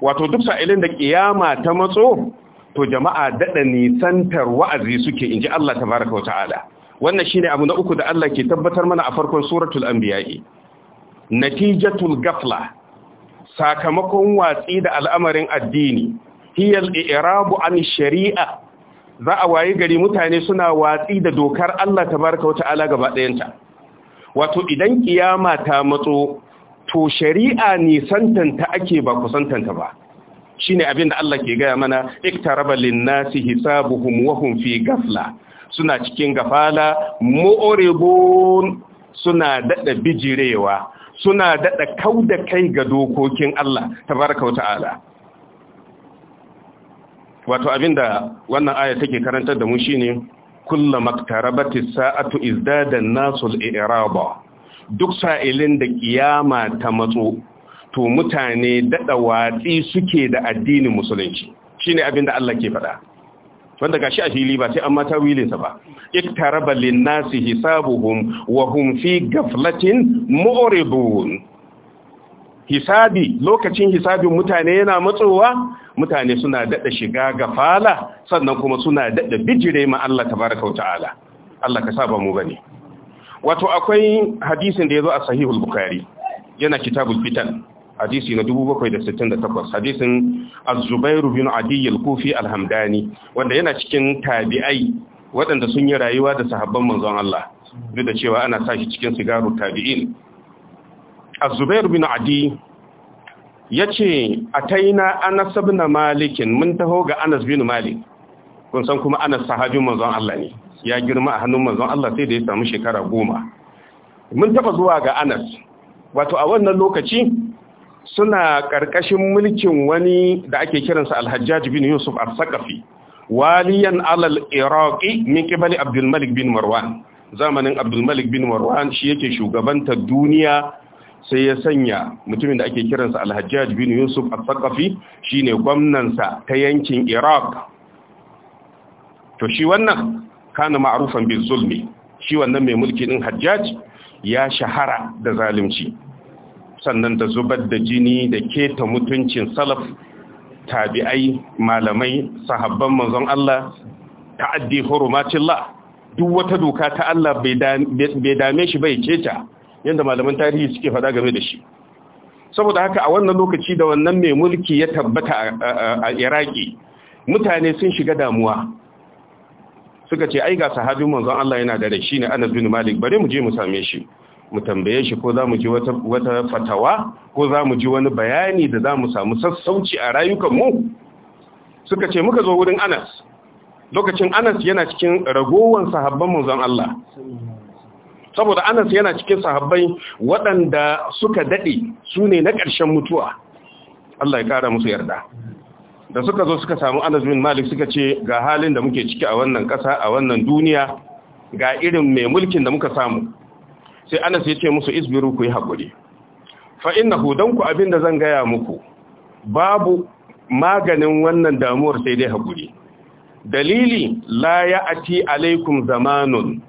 S2: wato duk sa'ilin da ƙiyama ta matso to jama'a daɗa nisantar wa'azi suke inji Allah baraka wa ta'ala wannan shine abu na uku da Allah ke tabbatar mana a farkon suratul anbiya'i natijatul gafla sakamakon watsi da al'amarin addini hiyal i'rabu an shari'a za a wayi gari mutane suna watsi da dokar Allah baraka wa ta'ala gaba ɗayanta wato idan ƙiyama ta matso to shari'a nisantanta ake ba santanta ba shine abin da Allah ke gaya mana iktaraba linnasi hisabuhum wa fi gafla suna cikin gafala mu'oribun suna daɗa bijirewa suna dada da kai ga dokokin Allah tabaraka wa ta'ala wato abinda wannan aya take karantar da mu shine kullama iktarabatis sa'atu izdadan nasul i'raba duk sa'ilin da kiyama ta matso to mutane daɗa watsi suke da addinin musulunci shine abin da Allah ke faɗa wanda gashi a fili ba sai an mata wilinsa ba iktaraba nasi hisabuhum wa hum fi gaflatin ma'oribun hisabi lokacin hisabin mutane yana matsowa mutane suna daɗa shiga gafala sannan kuma suna daɗa bijire ma Allah ta wa ta'ala Allah ka saba mu bane wato akwai hadisin da ya zo a sahihul bukari yana kitabul fitan hadisi na 768 hadisin az-zubairu bin adi al-kufi al-hamdani wanda yana cikin tabi'ai waɗanda sun yi rayuwa da sahabban manzon Allah duk da cewa ana sa shi cikin sigaru tabi'in az-zubairu bin adi yace ataina anas ibn malik mun taho ga anas bin malik kun san kuma anas sahabin manzon Allah ne ya girma a hannun manzon Allah sai da ya samu shekara goma mun taba zuwa ga Anas wato a wannan lokaci suna ƙarƙashin mulkin wani da ake kiransa alhajjaj bin Yusuf al waliyan alal Iraki min qibali Abdulmalik bin Marwan zamanin Abdulmalik bin Marwan shi yake shugabantar duniya sai ya sanya mutumin da ake kiransa alhajjaj bin yusuf al-sakafi ne gwamnansa ta yankin iraq to shi wannan kana ma'rufan bil zulmi shi wannan mai mulki din hajjaj ya shahara da zalunci sannan da zubar da jini da keta mutuncin salaf tabi'ai malamai sahabban manzon Allah ta'addi hurumatillah duk wata doka ta Allah bai dame shi bai keta yanda malaman tarihi suke faɗa game da shi saboda haka a wannan lokaci da wannan mai mulki ya tabbata a iraki mutane sun shiga damuwa suka ce ai ga sahabin manzon Allah yana da rashi ne Anas bin Malik bare mu je mu same shi mu tambaye shi ko zamu ji wata wata fatawa ko zamu ji wani bayani da zamu samu sassauci a rayukan mu suka ce muka zo wurin Anas lokacin Anas yana cikin ragowan sahabban manzon Allah saboda Anas yana cikin sahabbai waɗanda suka dade sune na ƙarshen mutuwa Allah ya kara musu yarda da suka zo suka samu Anas bin Malik suka ce ga halin da muke ciki a wannan ƙasa a wannan duniya ga irin mai mulkin da muka samu sai Anas ya ce musu isbiru ku yi hakuri fa innahu dan ku abin da zan gaya muku babu maganin wannan damuwar sai dai hakuri dalili la ya'ati alaikum zamanun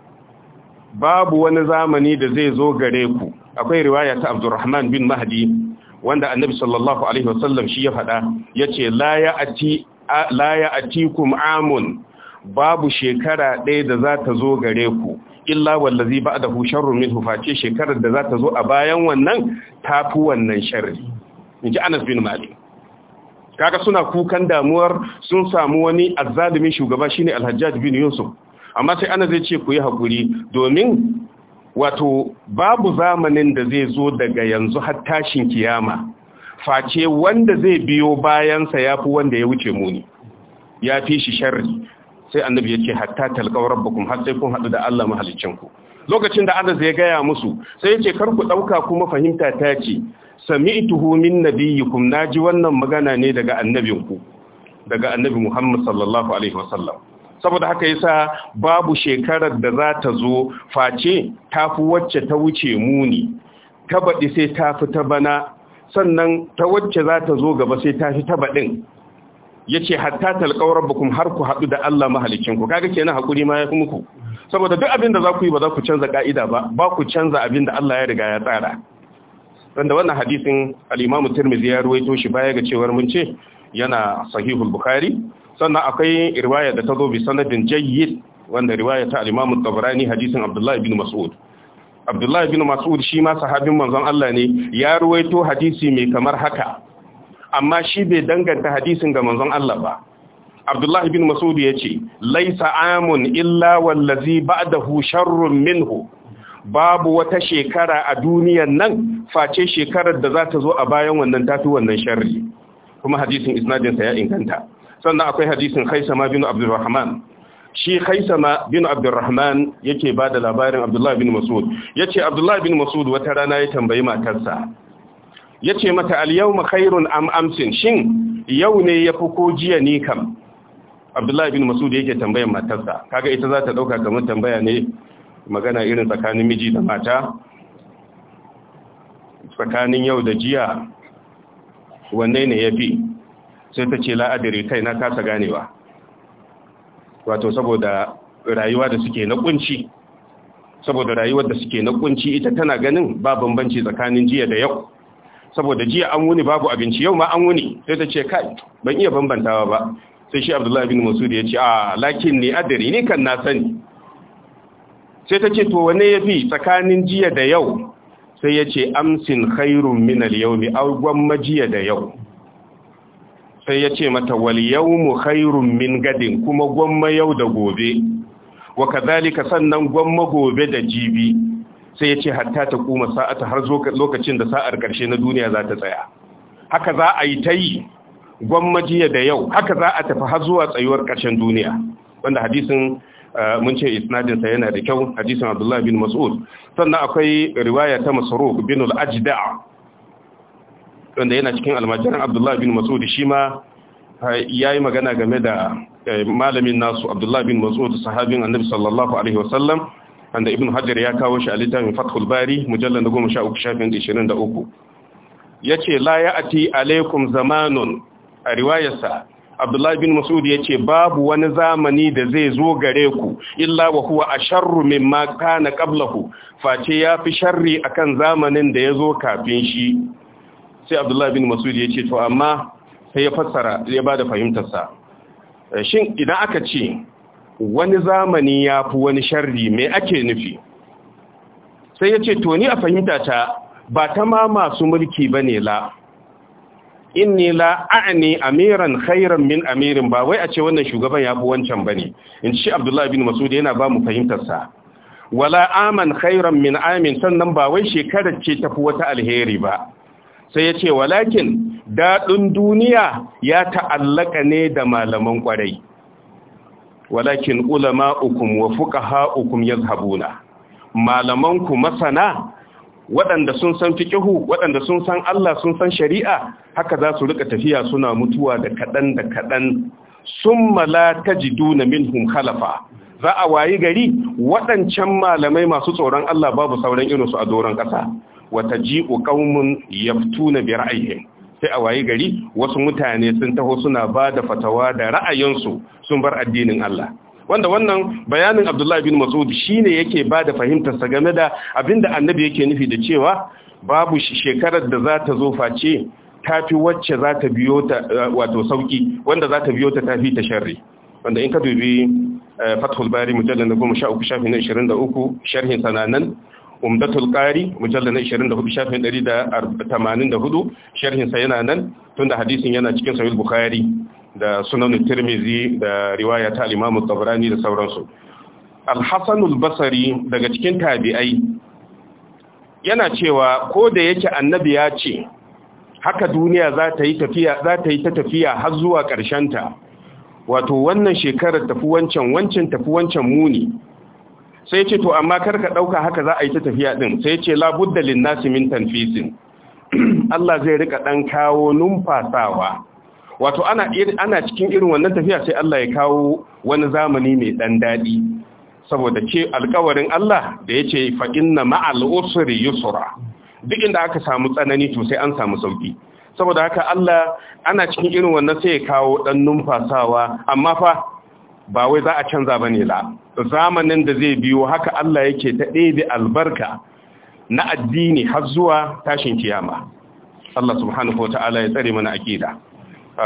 S2: babu wani zamani da zai zo gare ku akwai riwaya ta Abdulrahman bin Mahdi wanda annabi sallallahu alaihi wasallam shi ya faɗa yace la ya ati la ya atikum amun babu shekara ɗaya da za ta zo gare ku illa wallazi ba'dahu sharrun minhu face shekarar da za ta zo a bayan wannan tafi wannan sharri inji Anas bin Malik kaga suna kukan damuwar sun samu wani azzalumin shugaba shine al bin Yusuf amma sai Anas zai ce ku yi hakuri domin wato babu zamanin da zai zo daga yanzu har tashin kiyama face wanda zai biyo bayansa ya fi wanda ya wuce muni ya fi shi sharri sai annabi ya ce hatta talqaw rabbakum har sai kun hadu da Allah ku lokacin da Allah zai gaya musu sai yace kar ku dauka kuma fahimta ta ce sami'tuhu min nabiyyikum naji wannan magana ne daga annabinku daga annabi Muhammad sallallahu alaihi wasallam saboda haka yasa babu shekarar da za ta zo face tafi wacce ta wuce muni ta baɗi sai ta fi ta bana sannan ta wacce za ta zo gaba sai ta fi ta baɗin ya ce hatta talƙawar bukum har ku haɗu da Allah mahalicinku kaga kenan haƙuri ma ya fi muku saboda duk abin da za ku yi ba za ku canza ƙa'ida ba ba ku canza abin da Allah ya riga ya tsara wanda wannan hadisin al Tirmidhi ya ruwaito shi baya ga cewar mun ce yana sahihul Bukhari sannan akwai riwaya da ta zo bi sanadin jayyid wanda riwaya ta al-Imam tabarani hadisin Abdullah ibn Mas'ud Abdullah ibn Mas'ud shi ma sahabin manzon Allah ne ya ruwaito hadisi mai kamar haka amma shi bai danganta hadisin ga manzon Allah ba Abdullah ibn Mas'ud yace laisa amun illa wallazi ba'dahu sharrun minhu babu wata shekara a duniyan nan face shekarar da za ta zo a bayan wannan tafi wannan sharri kuma hadisin isnadinsa ya inganta sannan akwai hadisin haisama bin abdurrahman shi haisama bin abdurrahman yake ba da labarin abdullahi bin masud ya ce abdullahi bin masud wata rana ya tambayi matarsa ya ce mata aliyau makairun am amsin shin yau ne ya fi ko jiya ni kam abdullahi bin masud yake tambayan matarsa kaga ita za ta ɗauka kamar tambaya ne magana irin tsakanin miji da mata tsakanin yau da jiya wanne ne ya fi sai ta ce la'adari kai na kasa ganewa wato saboda rayuwa da suke na kunci saboda rayuwar da suke na kunci ita tana ganin ba bambanci tsakanin jiya da yau saboda jiya an wuni babu abinci yau ma an wuni sai ta ce kai ban iya bambantawa ba sai shi abdullahi bin masud ya ce a lakin ni adari ni kan na sani sai ta ce to wanne yafi tsakanin jiya da yau sai ya ce amsin khairun min al-yawmi aw gwan jiya da yau sai ya ce mata wal yawmu khairun min gadin kuma gwamma yau da gobe wa kadhalika sannan gwamma gobe da jibi sai ya ce hatta ta kuma sa'ata har lokacin da sa'ar karshe na duniya za ta tsaya haka za a yi ta yi gwamma jiya da yau haka za a tafi har zuwa tsayuwar karshen duniya wanda hadisin eh, mun ce isnadinsa yana da kyau hadisin abdullahi bin mas'ud sannan akwai riwaya ta masaruf bin al-ajda' wanda yana cikin almajiran abdullahi bin mas'ud shi ma eh, ya yi magana game da eh, malamin nasu abdullahi bin mas'ud sahabin annabi sallallahu alaihi wasallam wanda ibn hajar ya kawo shi a littafin fathul bari mujallar da goma sha uku shafin ishirin da uku ya ce la ya ati alaikum zamanun a riwayarsa abdullahi bin mas'ud ya ce babu wani zamani da zai zo gare ku illa wa huwa a sharru min ma kana qablahu face ya fi sharri akan zamanin da ya zo kafin shi sai abdullahi bin masud ya ce to amma sai ya fassara ya ba da fahimtarsa eh, shin idan aka ce wani zamani ya fi wani sharri mai ake nufi sai ya ce to ni a fahimtata ba ta ma masu mulki ba ne la In inni la ne amiran khairan min amirin ba wai a ce wannan shugaban ya fi wancan ba ne in ci abdullahi bin masud yana ba mu fahimtarsa wala aman khairan min amin sannan ba wai shekarar ce tafi wata alheri ba sai ya ce walakin daɗin duniya ya ta'allaka ne da malaman ƙwarai walakin ukum wa fuka fuqaha'ukum malaman malamanku masana waɗanda sun san fikihu, waɗanda sun san Allah sun san shari'a haka za su rika tafiya suna mutuwa da kaɗan da kaɗan sun mala ta min minhum halafa. za a wayi gari waɗancan malamai masu tsoron Allah babu sauran irinsu a doron ƙasa wata ji'u qaumun yaftuna bi ra'ayihim sai a waye gari wasu mutane sun taho suna ba da fatawa da ra'ayinsu sun bar addinin Allah wanda wannan bayanin Abdullahi bin Mas'ud shine yake ba da sa game da abinda annabi yake nufi da cewa babu shekarar da za ta zo face tafi wacce za ta biyo ta wato sauki wanda za ta biyo ta tafi ta sharri wanda in ka dubi eh, Fathul Bari mujallal 13 shafi na 23 sharhin sananan umdatul qari mujallar na 24 shafin 184 sharhin sa yana nan tunda hadisin yana cikin sahih bukhari da sunan tirmizi da riwaya ta imam tabarani da sauransu al-hasan al-basri daga cikin tabi'ai yana cewa ko da yake annabi ya ce haka duniya za ta yi tafiya za ta yi tafiya har zuwa ƙarshen ta wato wannan shekarar tafi wancan wancan tafi wancan muni sai ce to amma kar ka ɗauka haka za a yi ta tafiya din. sai ce labudda linnasi min tanfisin Allah zai rika ɗan kawo numfasawa wato ana ana cikin irin wannan tafiya sai Allah ya kawo wani zamani mai dan daɗi saboda ce alƙawarin Allah da yace ce fa inna ma'al usri yusra duk inda aka samu tsanani to sai an samu sauki saboda haka Allah ana cikin irin wannan sai ya kawo ɗan numfasawa amma fa ba wai za a canza ba ne la zamanin da zai biyo haka Allah yake ta ɗebe albarka na addini har zuwa tashin kiyama Allah subhanahu wa ta'ala ya tsare mana akida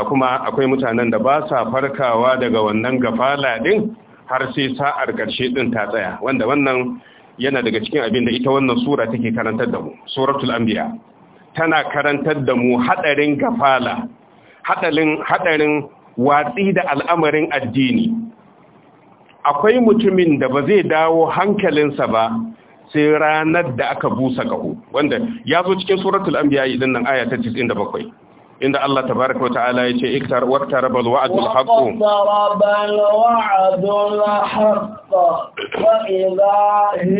S2: kuma akwai mutanen da ba sa farkawa daga wannan gafala din har sai sa'ar ƙarshe din ta tsaya wanda wannan yana daga cikin abin da ita wannan sura take karantar da mu suratul anbiya tana karantar da mu hadarin gafala hadarin hadarin watsi da al'amarin addini akwai mutumin da ba zai dawo hankalinsa ba sai ranar da aka busa ƙaho wanda ya zo cikin suratul anbiya idan nan aya ta 97 inda Allah tabaraka ta'ala ya ce iktar waqta rabal wa'dul haqq
S1: rabal wa'dul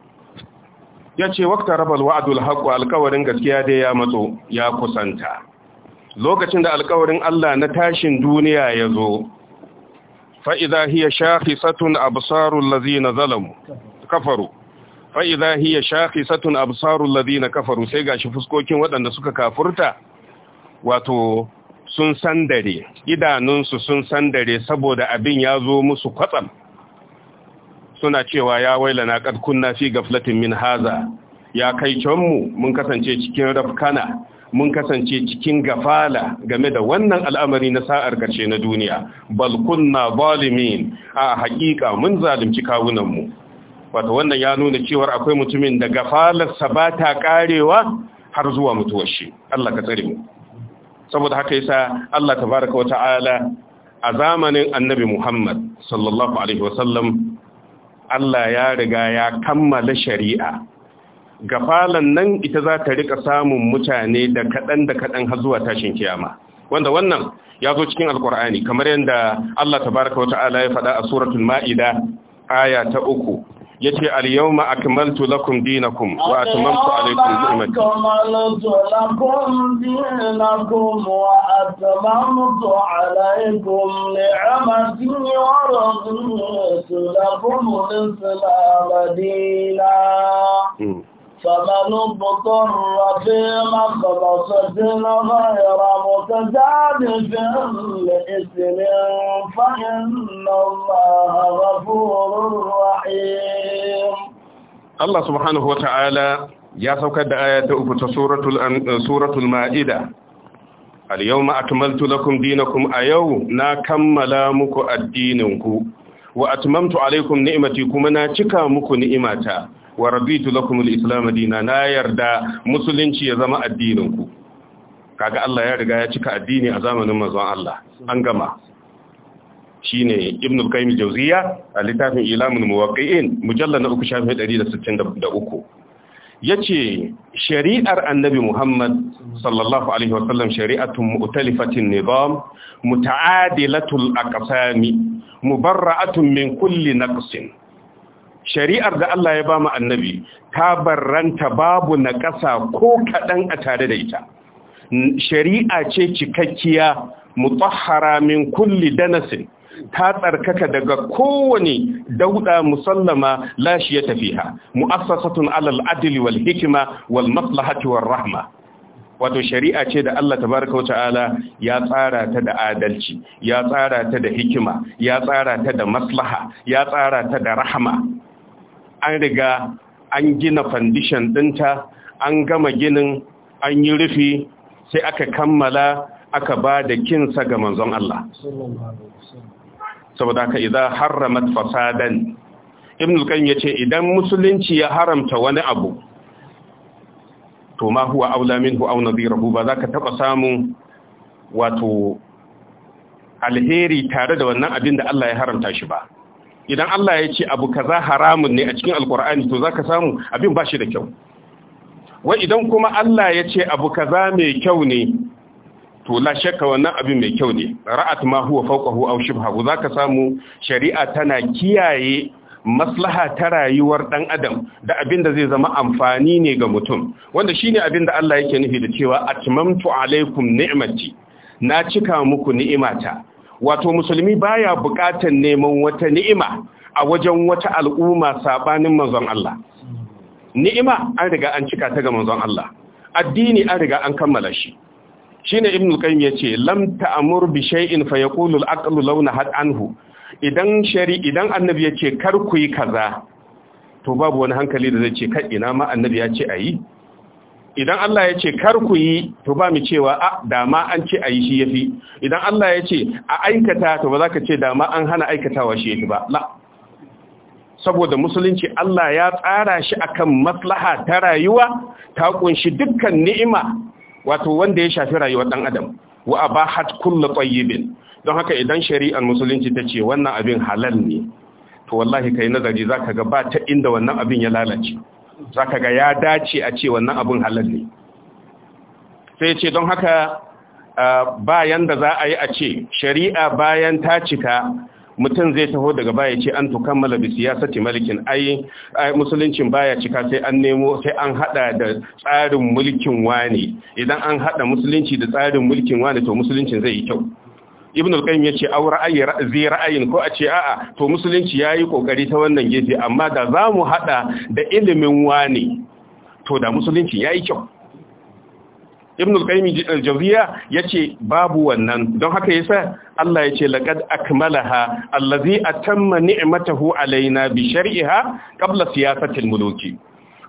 S2: ya ce wakta rabal wa'adul haƙo alkawarin gaskiya dai ya matso ya kusanta lokacin da alkawarin Allah na tashin duniya ya zo fa'iza hiya shafi satun abusarun lazina zalamu kafaru fa'iza hiya shafi satun abusarun lazina kafaru sai gashi fuskokin waɗanda suka kafurta wato sun sandare idanunsu sun sandare saboda abin ya zo musu kwatsam suna cewa ya waila na kunna fi gaflatin min haza ya kai canmu mun kasance cikin rafkana mun kasance cikin gafala game da wannan al'amari na sa'ar karshe na duniya bal kunna zalimin a haƙiƙa mun zalunci kawunanmu wato wannan ya nuna cewar akwai mutumin da gafalarsa ba ta karewa har zuwa mutuwar shi Allah ka tsare mu saboda haka yasa Allah tabaraka wa ta'ala a zamanin annabi Muhammad sallallahu alaihi sallam. Allah ya riga ya kammala shari'a gafalan nan ita za ta rika samun mutane da kaɗan da kaɗan har zuwa tashin kiyama wanda wannan ya zo cikin alkur'ani kamar yadda Allah tabaraka wa ta'ala ya faɗa a suratul ma'ida aya ta uku yace al a akmaltu lakum dinakum wa atmamtu alaykum ni'mati
S1: wa atmamtu lakum al-islam فمن اضطر في مخلصة غير متجاد في الإثم فإن الله غفور رحيم
S2: الله سبحانه وتعالى يا سوكد آية أخرى سورة سورة المائدة اليوم أكملت لكم دينكم أيو نا كملا مكو الدينكم وأتممت عليكم نعمتكم كما نا مكو نعمتا wa rabitu lakum al-islam dina na yarda musulunci ya zama addinin ku kaga Allah ya riga ya cika addini a zamanin manzon Allah an gama shine ibn al-qayyim jawziya a littafin ilamul muwaqqi'in mujallal na 3 shafi 163 yace shari'ar annabi Muhammad sallallahu alaihi wasallam shari'atun mu'talifatin nizam muta'adilatul aqsami mubarra'atun min kulli naqsin shari'ar da Allah ya ba mu annabi ta barranta babu na ƙasa ko kaɗan a tare da ita shari'a ce cikakkiya mutahhara min kulli danasin ta tsarkaka daga kowane dauda musallama lashi ya tafiha mu'assasatun alal adli wal hikma wal maslahati war rahma wato shari'a ce da Allah tabaraka wa ta'ala ya tsara ta da adalci ya tsara ta da hikima ya tsara ta da maslaha ya tsara ta da rahma an riga an gina fandishan dinta an gama ginin an yi rufi sai aka kammala aka ba da kinsa ga manzon Allah saboda ka idan haramat fasadan ibn al-qayyim yace idan musulunci ya haramta wani abu to ma huwa aula minhu aw nadhiruhu ba za ka taba samun wato alheri tare da wannan abin da Allah ya haramta shi ba idan Allah ya ce abu kaza haramun ne a cikin alkur'ani to zaka samu abin ba shi da kyau wai idan kuma Allah ya ce abu kaza mai kyau ne to la shakka wannan abin mai kyau ne ra'at ma huwa fawqahu aw shibhahu zaka samu shari'a tana kiyaye maslaha ta rayuwar dan adam da abin da zai zama amfani ne ga mutum wanda shine abin da Allah yake nufi da cewa atmamtu alaikum ni'mati na cika muku ni'imata wato musulmi baya buƙatar neman wata ni'ima a wajen wata al'umma sabanin manzon Allah ni'ima an riga an cika ta ga manzon Allah addini an riga an kammala shi shine ibnu qayyim yace lam ta'mur bi shay'in fa yaqulu al-aqlu anhu idan shari idan annabi yace kar ku yi kaza to babu wani hankali da zai ce kai ina ma annabi ya ce ayi idan Allah ya ce kar ku yi to ba mu cewa a ah, dama an ce a yi shi yafi idan Allah ya ce a aikata to ba za ka ce dama an hana aikatawa shi yafi ba la saboda musulunci Allah ya tsara shi akan maslaha ta rayuwa ta kunshi dukkan ni'ima wato wanda ya shafi rayuwar dan adam wa abahat kullu tayyibin don haka idan shari'ar musulunci ta ce wannan abin halal ne to wallahi kai nazari zaka ga ba ta inda wannan abin ya lalace za ga ya dace a ce wannan abun halal ne sai ce don haka bayan da za a yi a ce shari'a bayan ta cika mutum zai taho daga baya ce an tukammala bi siyasati malikin ai musuluncin baya cika sai an nemo sai an hada da tsarin mulkin wani idan an hada musulunci da tsarin mulkin wani to musuluncin zai yi kyau ibn al-qayyim yace aw ra'ayi zai ra'ayin ko a ce a'a to musulunci yayi kokari ta wannan gefe amma da zamu hada da ilimin wani to da musulunci yayi kyau ibn al-qayyim al-jawziya yace babu wannan don haka yasa Allah yace laqad akmalaha allazi atamma ni'matahu alaina bi shar'iha qabla al muluki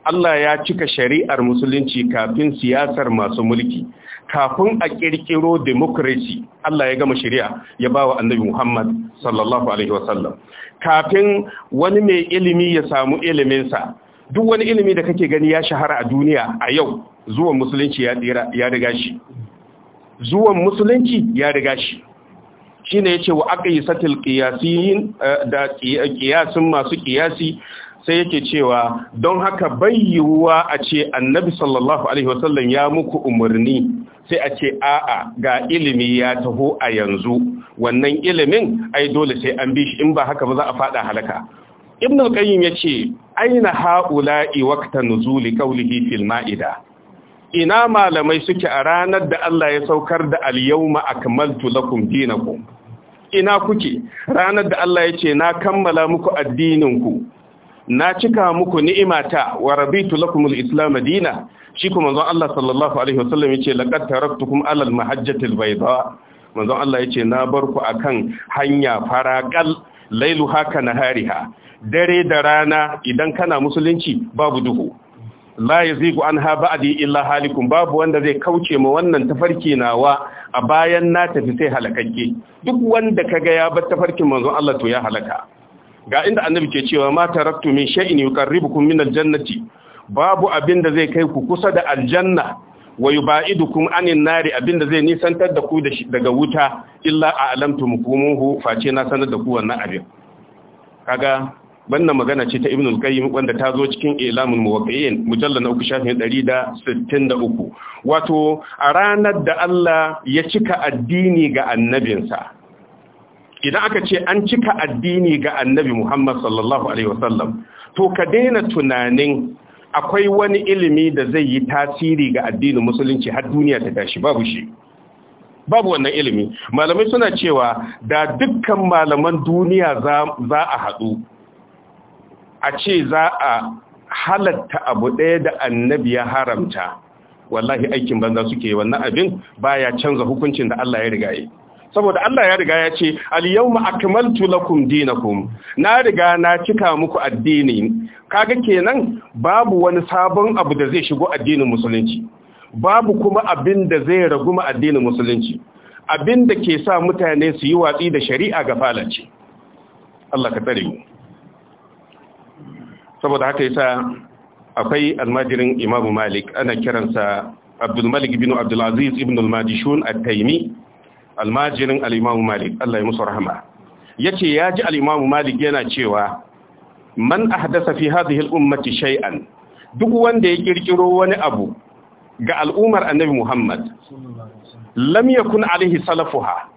S2: Allah ya cika shari'ar musulunci kafin siyasar masu mulki kafin a kirkiro demokrasi. Allah ya gama shari'a ya bawa annabi Muhammad sallallahu alaihi wasallam kafin wani mai ilimi ya samu iliminsa duk wani ilimi da kake gani ya shahara a duniya a yau zuwan musulunci ya riga shi zuwan musulunci ya riga shi shine yace wa satil qiyasiyin eh, da qiyasin masu qiyasi sai yake cewa don haka bayyuwa a ce annabi sallallahu alaihi wasallam ya muku umarni sai a ce a'a ga ilimi ya taho a yanzu wannan ilimin ai dole sai an bi shi in ba haka ba za a fada halaka ibn al-qayyim yace aina haula'i waqta nuzuli qawlihi fil ma'ida ina malamai suke a ranar da Allah ya saukar da al-yawma akmaltu lakum dinakum ina kuke ranar da Allah ya ce na kammala muku addinin ku na cika muku ni'imata wa rabitu lakum al-islam dina shi kuma manzon Allah sallallahu alaihi wasallam yace laqad taraktukum ala al-mahajjati al-bayda manzon Allah yace na bar ku akan hanya faraqal lailu haka nahariha dare da rana idan kana musulunci babu duhu la yazigu anha ba'di illa halikum babu wanda zai kauce ma wannan tafarki nawa a bayan na tafi sai halakakke duk wanda kaga ya bar tafarkin manzon Allah to ya halaka ga inda annabi ke cewa ma taraktu min shay'in yuqarribukum min aljannati babu abinda zai kai ku kusa da aljanna wa yubaidukum anin nari abinda zai nisantar da ku daga wuta illa a alamtumukumuhu face na sanar da ku wannan abin kaga wannan magana ce ta ibn al-qayyim wanda ta zo cikin ilamul muwaqqi'in mujallal na uku shafin 163 wato a ranar da Allah ya cika addini ga annabinsa idan aka ce an cika addini ga annabi Muhammad sallallahu alaihi wasallam to ka daina tunanin akwai wani ilimi da zai yi tasiri ga addinin musulunci har duniya ta tashi babu shi babu wannan ilimi malamai suna cewa da dukkan malaman duniya za a haɗu a ce za a halatta abu ɗaya da annabi ya haramta wallahi aikin banza suke wannan abin baya canza hukuncin da Allah ya riga yi saboda Allah ya riga ya ce al-yawma akmaltu lakum dinakum na riga na cika muku addini kaga kenan babu wani sabon abu da zai shigo addinin musulunci babu kuma abin da zai raguma addinin musulunci abin da ke sa mutane su yi watsi da shari'a ga falace Allah ka tsare mu saboda haka yasa akwai almajirin Imam Malik ana kiransa Abdul Malik ibn Abdul Aziz ibn al madishun at-Taymi almajirin Alimamu Malik Allah ya musu rahama ce ya ji Alimamu Malik yana cewa man ahdasa fi hadhihi ummati shay'an duk wanda ya kirkiro wani abu ga al'ummar Annabi Muhammad lam yakun alaihi salafuha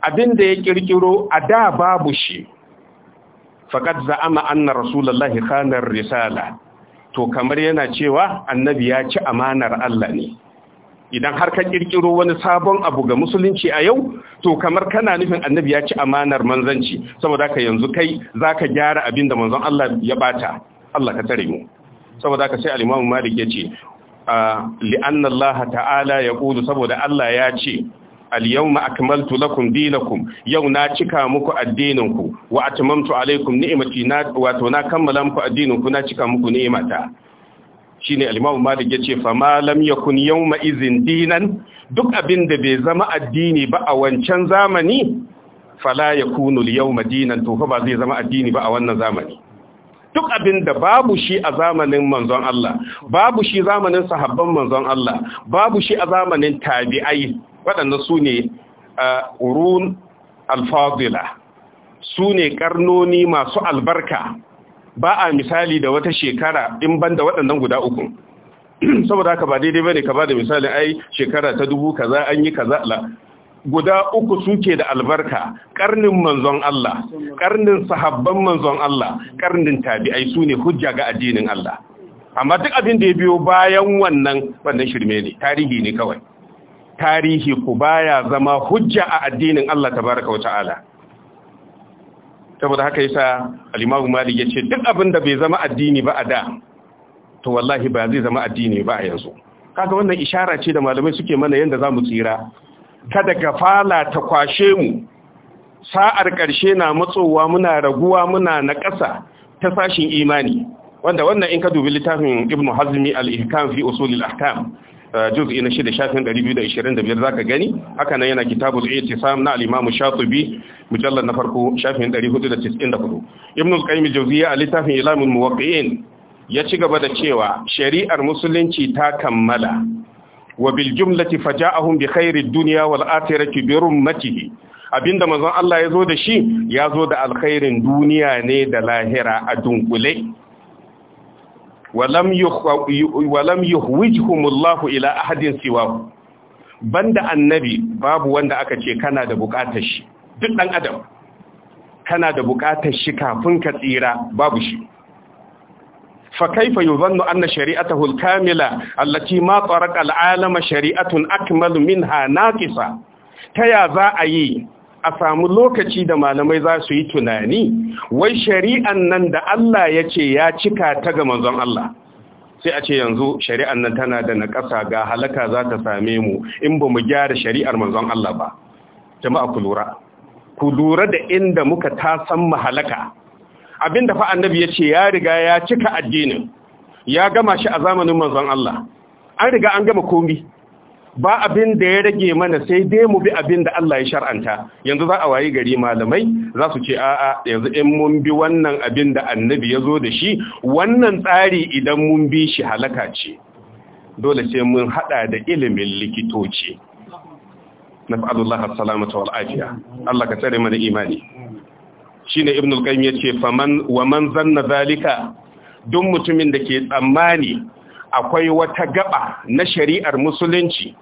S2: abinda ya kirkiro a da babu shi faqad za'ama anna rasulullahi khana ar-risala to kamar yana cewa annabi ya ci amanar Allah ne idan har ka kirkiro wani sabon abu ga musulunci a yau to kamar kana nufin annabi ya ci amanar manzanci saboda ka yanzu kai zaka gyara abin da manzon Allah ya bata Allah ka tare mu saboda ka sai al-Imam Malik yace li'anallaha Allah ta'ala yaqulu saboda Allah ya ce al-yawma akmaltu lakum dinakum yau na cika muku addininku wa atmamtu alaykum ni'mati na wato na kammala muku addininku na cika muku nimata Shi ne imam Malik yace fa fama lam kun yau izin dinan duk abin da bai zama addini ba a wancan zamani fala yakunu yau ma dinan to ba zai zama addini ba a wannan zamani duk abin da babu shi a zamanin manzon Allah babu shi zamanin sahabban manzon Allah babu shi a zamanin tabi'ai waɗanda su ne urun al su ne karnoni masu albarka ba a misali da wata shekara in ban da waɗannan guda uku saboda haka ba daidai bane ka ba da misali ai shekara ta dubu kaza an yi kaza la guda uku suke da albarka karnin manzon Allah karnin sahabban manzon Allah karnin tabi'ai sune hujja ga addinin Allah amma duk abin da ya biyo bayan wannan wannan shirme ne tarihi ne kawai tarihi ku baya zama hujja a addinin Allah tabaraka wa ta'ala saboda haka yasa al-Imam ya ce duk abin da bai zama addini ba a da to wallahi ba zai zama addini ba a yanzu kaga wannan ishara ce da malamai suke mana yanda zamu tsira kada gafala ta kwashe mu sa'ar karshe na matsowa muna raguwa muna na ƙasa ta sashin imani wanda wannan in ka dubi littafin Ibn Hazmi al-Ihkam fi Usul al-Ahkam Eh, juz'i na shida shafin 225 zaka gani haka nan yana kitabul i'tisam na al-imam shatibi mujallad na farko shafin 494 ibn al-qayyim jawziya a littafin ilamul muwaqqi'in ya ci gaba da cewa shari'ar musulunci ta kammala wa bil jumlati faja'ahum bi khairid dunya wal akhirati bi rummatihi abinda manzon Allah ya zo da shi ya zo da alkhairin duniya ne da lahira a dunkule walam yuhwijhumullahu ila ahadin siwahu banda annabi babu wanda aka ce kana da bukatar shi duk dan adam kana da bukatar shi kafin ka tsira babu shi fa kaifa yuzannu anna shari'atahu al-kamila allati ma taraka al-alama shari'atun akmal minha naqisa taya za a yi a samu lokaci da malamai za su yi tunani wai shari'an nan da Allah ya ce ya cika ta ga manzon Allah sai a ce yanzu shari'an nan tana da naƙasa ga halaka za ta same mu in ba mu gyara shari'ar manzon Allah ba jama'a ku lura ku lura da inda muka tasan mu halaka abinda fa annabi ya ce ya riga ya cika addinin ya gama shi a zamanin manzon Allah an riga an gama komi ba abin da ya rage mana sai dai mu bi abin da Allah ya shar'anta yanzu za a wayi gari malamai za su ce a'a yanzu in mun bi wannan abin da annabi ya zo da shi wannan tsari idan mun bi shi halaka ce dole sai mun hada da ilimin likitoci nas'alullahi as-salamata wal afiya Allah ka tsare mana imani shine ibn al-qayyim yace faman wa man zanna zalika duk mutumin da ke tsammani akwai wata gaba na shari'ar musulunci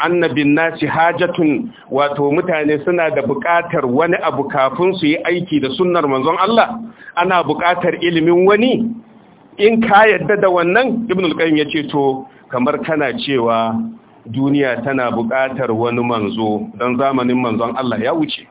S2: annabin nasi hajatun wato mutane suna da buƙatar wani abu kafin su yi aiki da sunnar manzon Allah ana buƙatar ilimin wani in ka yadda da wannan ibn al-qayyim ya ce to kamar kana cewa duniya tana buƙatar wani manzo dan zamanin manzon Allah ya wuce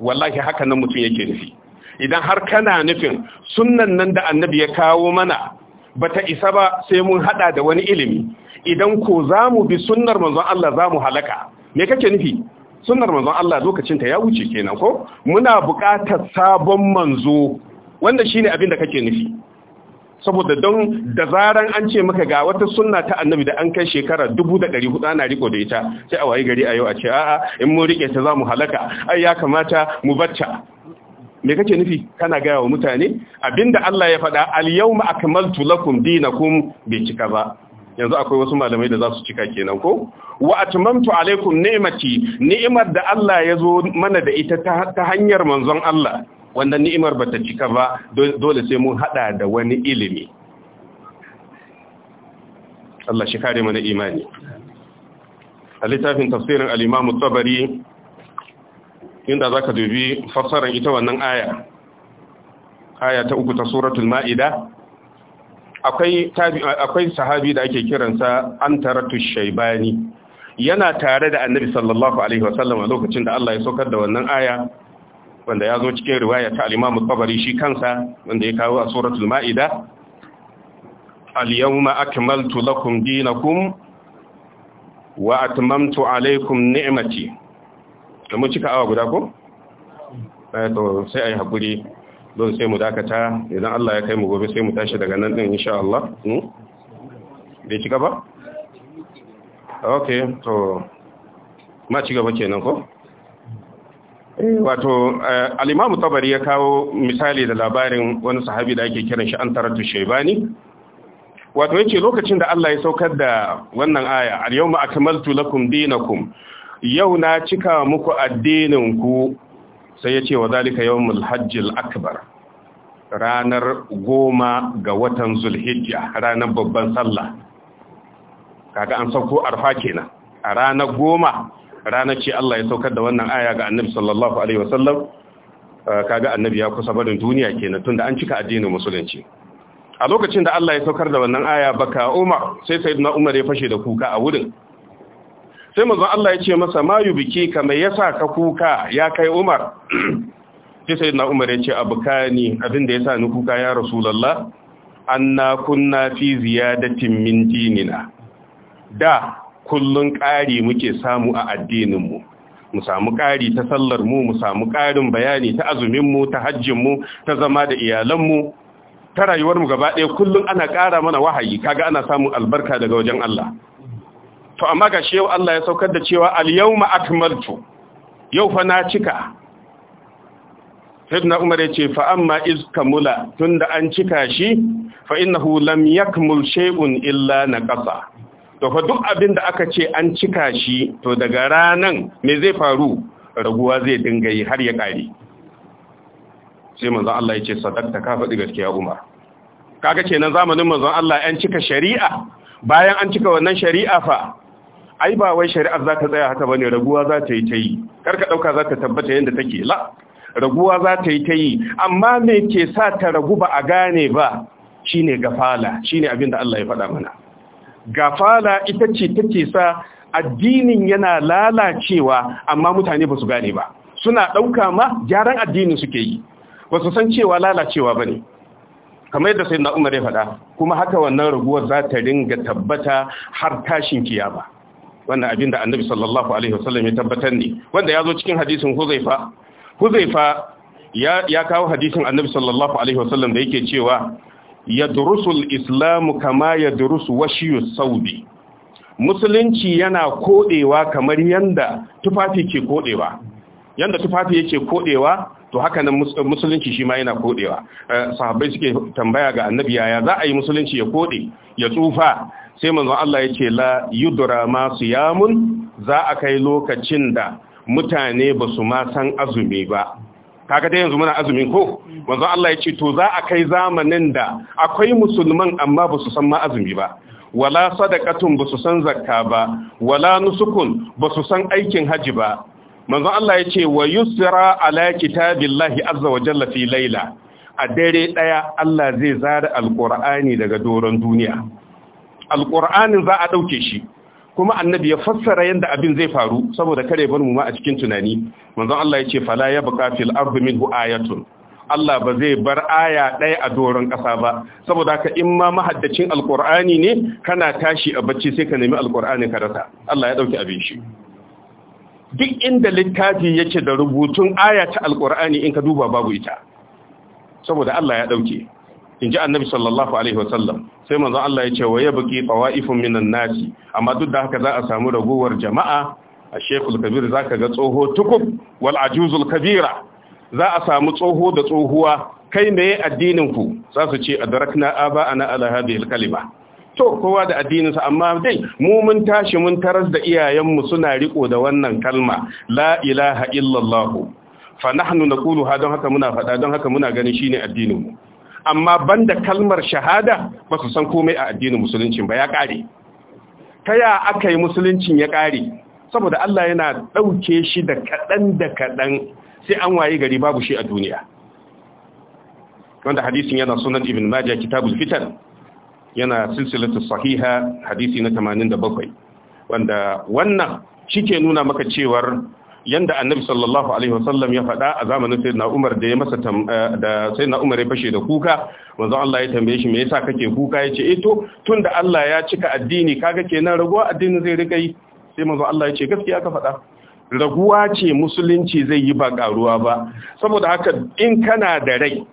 S2: wallahi haka nan mutum yake nufi idan har kana nufin sunnan nan da annabi ya kawo mana bata isa ba sai mun hada da wani ilimi idan ko za mu bi sunnar manzon Allah za mu halaka me kake nufi sunnar manzon Allah lokacinta ya wuce kenan ko muna buƙatar sabon manzo wanda shine abin da kake nufi saboda don da zaran an ce maka ga wata sunna ta annabi da an kai shekara 1400 ana riko da ita sai a wayi gari a yau a ce a'a in mun rike ta za mu halaka ai ya kamata mu bacca me kake nufi kana gaya wa mutane abinda Allah ya faɗa al yawma akmaltu lakum dinakum bai cika ba yanzu akwai wasu malamai da za su cika kenan ko wa atmamtu alaikum ni'mati ni'imar da Allah ya zo mana da ita ta hanyar manzon Allah wanda ni'imar bata cika ba dole sai mun hada da wani ilimi Allah shi kare mana imani a littafin tafsirin al-Imam tabari inda zaka dubi fassarar ita wannan aya aya ta uku ta suratul ma'ida akwai sahabi da ake kiransa an taratu shaibani yana tare da annabi sallallahu alaihi wasallam a lokacin da Allah ya saukar da wannan aya wanda ya zo cikin riwaya ta al-Imam al-Tabari shi kansa wanda ya kawo a suratul Ma'ida al-yawma akmaltu lakum dinakum wa atmamtu alaykum ni'mati kuma cika awa guda ko eh, sai ai hakuri don sai mu dakata idan Allah ya kai mu gobe sai mu tashi daga nan din insha Allah hmm? bai ci gaba okay to ma ci gaba kenan ko eh, wato eh, al-Imam Tabari ya kawo misali da labarin wani sahabi da ake kiran shi Antaratu Shaybani wato yake lokacin da Allah ya saukar da wannan aya al-yawma akmaltu lakum dinakum yau na cika muku addinin ku sai ya ce wa zalika yawmul hajjil akbar ranar goma ga watan zulhijja ranar babban sallah kaga an sauko arfa kenan a ranar goma ranar ce Allah ya saukar da wannan aya ga annabi sallallahu alaihi wasallam uh, kaga annabi ya kusa barin duniya kenan tunda an cika addinin musulunci a lokacin da Allah ya saukar da wannan aya baka Umar sai sayyidina Umar ya fashe da kuka a wurin sai mazan Allah ya ce masa mayu biki kamar yasa ka kuka ya kai Umar sai na Umar ya ce "Abu abukani abinda ya sa ni kuka ya rasu, na kunna fi ziyadatin min dinina da kullun ƙari muke samu a addinin mu mu samu ƙari ta sallar mu mu samu ƙarin bayani ta azumin mu ta hajjinmu mu ta zama da iyalanmu ta rayuwarmu gaba ɗaya kullun ana ƙara mana wahayi kaga ana samun albarka daga wajen Allah to amma ga shi Allah ya saukar da cewa al-yawma akmaltu yau fa na cika na Umar yace fa amma iz kamula tunda an cika shi fa innahu lam yakmul shay'un illa naqasa to fa duk abin da aka ce an cika shi to daga ranan me zai faru raguwa zai dinga yi har ya kare sai manzon Allah yace sadaqta ka faɗi gaskiya Umar kaga kenan zamanin manzon Allah an cika shari'a bayan an cika wannan shari'a fa ai ba wai shari'ar za ta tsaya haka bane raguwa za ta yi ta yi karka dauka za ta tabbata yadda take la raguwa za ta yi ta yi amma me ke sa ta ragu ba a gane ba shine gafala shine abin da Allah ya faɗa mana gafala ita ce take sa addinin yana lalacewa amma mutane ba su gane ba suna ɗauka ma gyaran addinin suke yi ba su san cewa lalacewa ba ne kamar yadda sai na umar ya faɗa kuma haka wannan raguwar za ta ringa tabbata har tashin kiyama wannan abinda annabi sallallahu alaihi wasallam ya tabbatar ne wanda ya zo cikin hadisin huzaifa huzaifa ya ya kawo hadisin annabi sallallahu alaihi wasallam da yake cewa yadrusul islam kama yadrusu washiyu saudi musulunci yana kodewa kamar yanda tufafi ke kodewa yanda tufafi yake kodewa to haka nan musulunci shi ma yana kodewa eh, sahabbai suke tambaya ga annabi yaya za a yi musulunci ya kode ya tsufa sai manzon Allah ya ce la Yudura masu yamun za a kai lokacin da mutane ba su ma san azumi ba kaga dai yanzu muna azumin ko manzon Allah ya ce to za a kai zamanin da akwai musulman amma ba su san ma azumi ba wala sadaqatun ba su san zakka ba wala nusukun ba su san aikin haji ba manzon Allah ya ce wa yusra ala kitabillahi azza wa jalla fi laila a dare daya Allah zai zara alqur'ani daga doron duniya alƙur'anin za a ɗauke shi kuma annabi ya fassara yadda abin zai faru saboda kare bar mu ma a cikin tunani manzon Allah ya ce fala ya baka fil ardi minhu ayatun Allah ba zai bar aya ɗaya a doron ƙasa ba saboda ka in ma mahaddacin alƙur'ani ne kana tashi a bacci sai ka nemi alƙur'ani ka rasa Allah ya ɗauki abin shi duk inda littafi yake da rubutun aya ta alƙur'ani in ka duba babu ita saboda Allah ya ɗauke in ji annabi sallallahu alaihi wasallam sai manzon Allah ya ce wa ya baki tawa'ifun minan nasi amma duk da haka za a samu ragowar jama'a a shekul kabir za ka ga tsoho tukub wal ajuzul kabira za a samu tsoho da tsohuwa kai ne addinin ku za su ce adrakna aba ana ala hadhihi kalima to kowa da addininsa amma dai mu mun tashi mun taras da iyayenmu suna riko da wannan kalma la ilaha illallah fa nahnu naqulu ha don haka muna faɗa don haka muna ganin shine addininmu amma banda kalmar shahada ba su san komai a addinin musulunci ba ya ƙare ta ya aka yi musuluncin ya ƙare saboda Allah yana ɗauke shi da kaɗan da kaɗan sai an waye gari babu shi a duniya wanda hadisin yana sunan ibn majah kitabul fitan yana silsilatu sahiha hadisi na 87 wanda wannan shi ke nuna maka cewar yanda annabi sallallahu alaihi wasallam ya faɗa a zamanin sayyidina Umar da ya masa eh, da sayyidina Umar ya fashe da kuka manzo Allah ya tambaye shi me yasa kake kuka yace eh to tunda Allah ya cika addini kaga kenan raguwa addini zai rika yi sai manzo Allah ya ce gaskiya ka faɗa raguwa ce musulunci zai yi ba karuwa ba saboda haka in kana da rai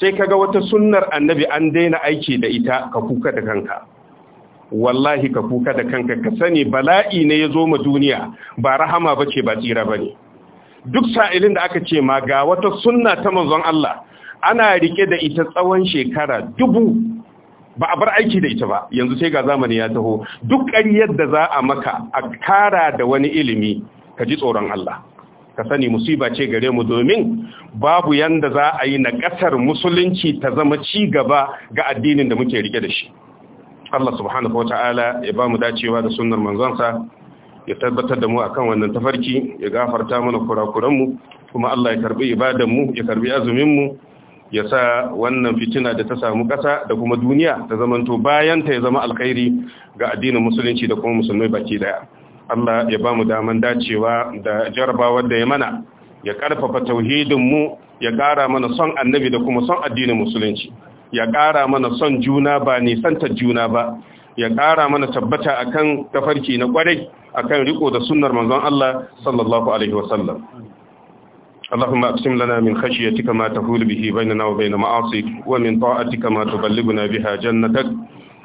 S2: sai kaga wata sunnar annabi an daina aiki da ita ka kuka da kanka wallahi ka kuka da kanka ka sani bala'i ne ya zo ma duniya ba rahama ba ce ba tsira ba ne duk sa'ilin da aka ce ma ga wata sunna ta manzon Allah ana rike da ita tsawon shekara dubu ba a bar aiki da ita ba yanzu sai ga zamani ya taho duk ƙaryar da za a maka a kara da wani ilimi ka ji tsoron Allah ka sani musiba ce gare mu domin babu yanda za a yi na ƙasar musulunci ta zama ci gaba ga addinin da muke rike da shi Allah subhanahu wa ta'ala ya ba mu dacewa da sunnar manzonsa ya tabbatar da mu akan wannan tafarki ya gafarta mana kurakuranmu kuma Allah ya karbi ibadanmu ya karbi azuminmu ya sa wannan fitina da ta samu ƙasa da kuma duniya ta zamanto bayan ta ya zama alkhairi ga addinin musulunci da kuma musulmai baki daya Allah ya ba mu daman dacewa da jarabawar da ya mana ya karfafa tauhidinmu ya ƙara mana son annabi da kuma son addinin musulunci ya ƙara mana son juna ba nisantar juna ba ya ƙara mana tabbata akan tafarki na kwarai akan riko da sunnar manzon Allah sallallahu alaihi wasallam اللهم اقسم لنا من خشيتك ما تحول به بيننا وبين معاصيك ومن طاعتك ما تبلغنا بها جنتك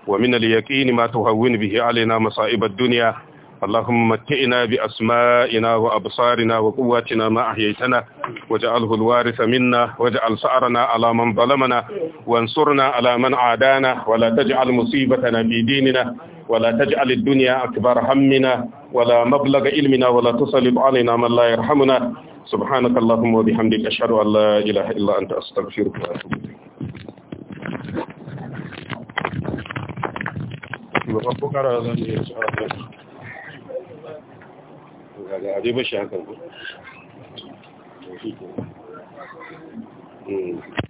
S2: ومن اليقين ما تهون به علينا مصائب الدنيا اللهم متئنا بأسمائنا وأبصارنا وقواتنا ما أحييتنا وجعله الوارث منا وجعل سعرنا على من ظلمنا وانصرنا على من عادانا ولا تجعل مصيبتنا في ديننا ولا تجعل الدنيا أكبر همنا ولا مبلغ علمنا ولا تسلط علينا من لا يرحمنا سبحانك اللهم وبحمدك أشهد أن لا إله إلا أنت أستغفرك وأتوب إليك. ga abin bashi hakan ku hmm.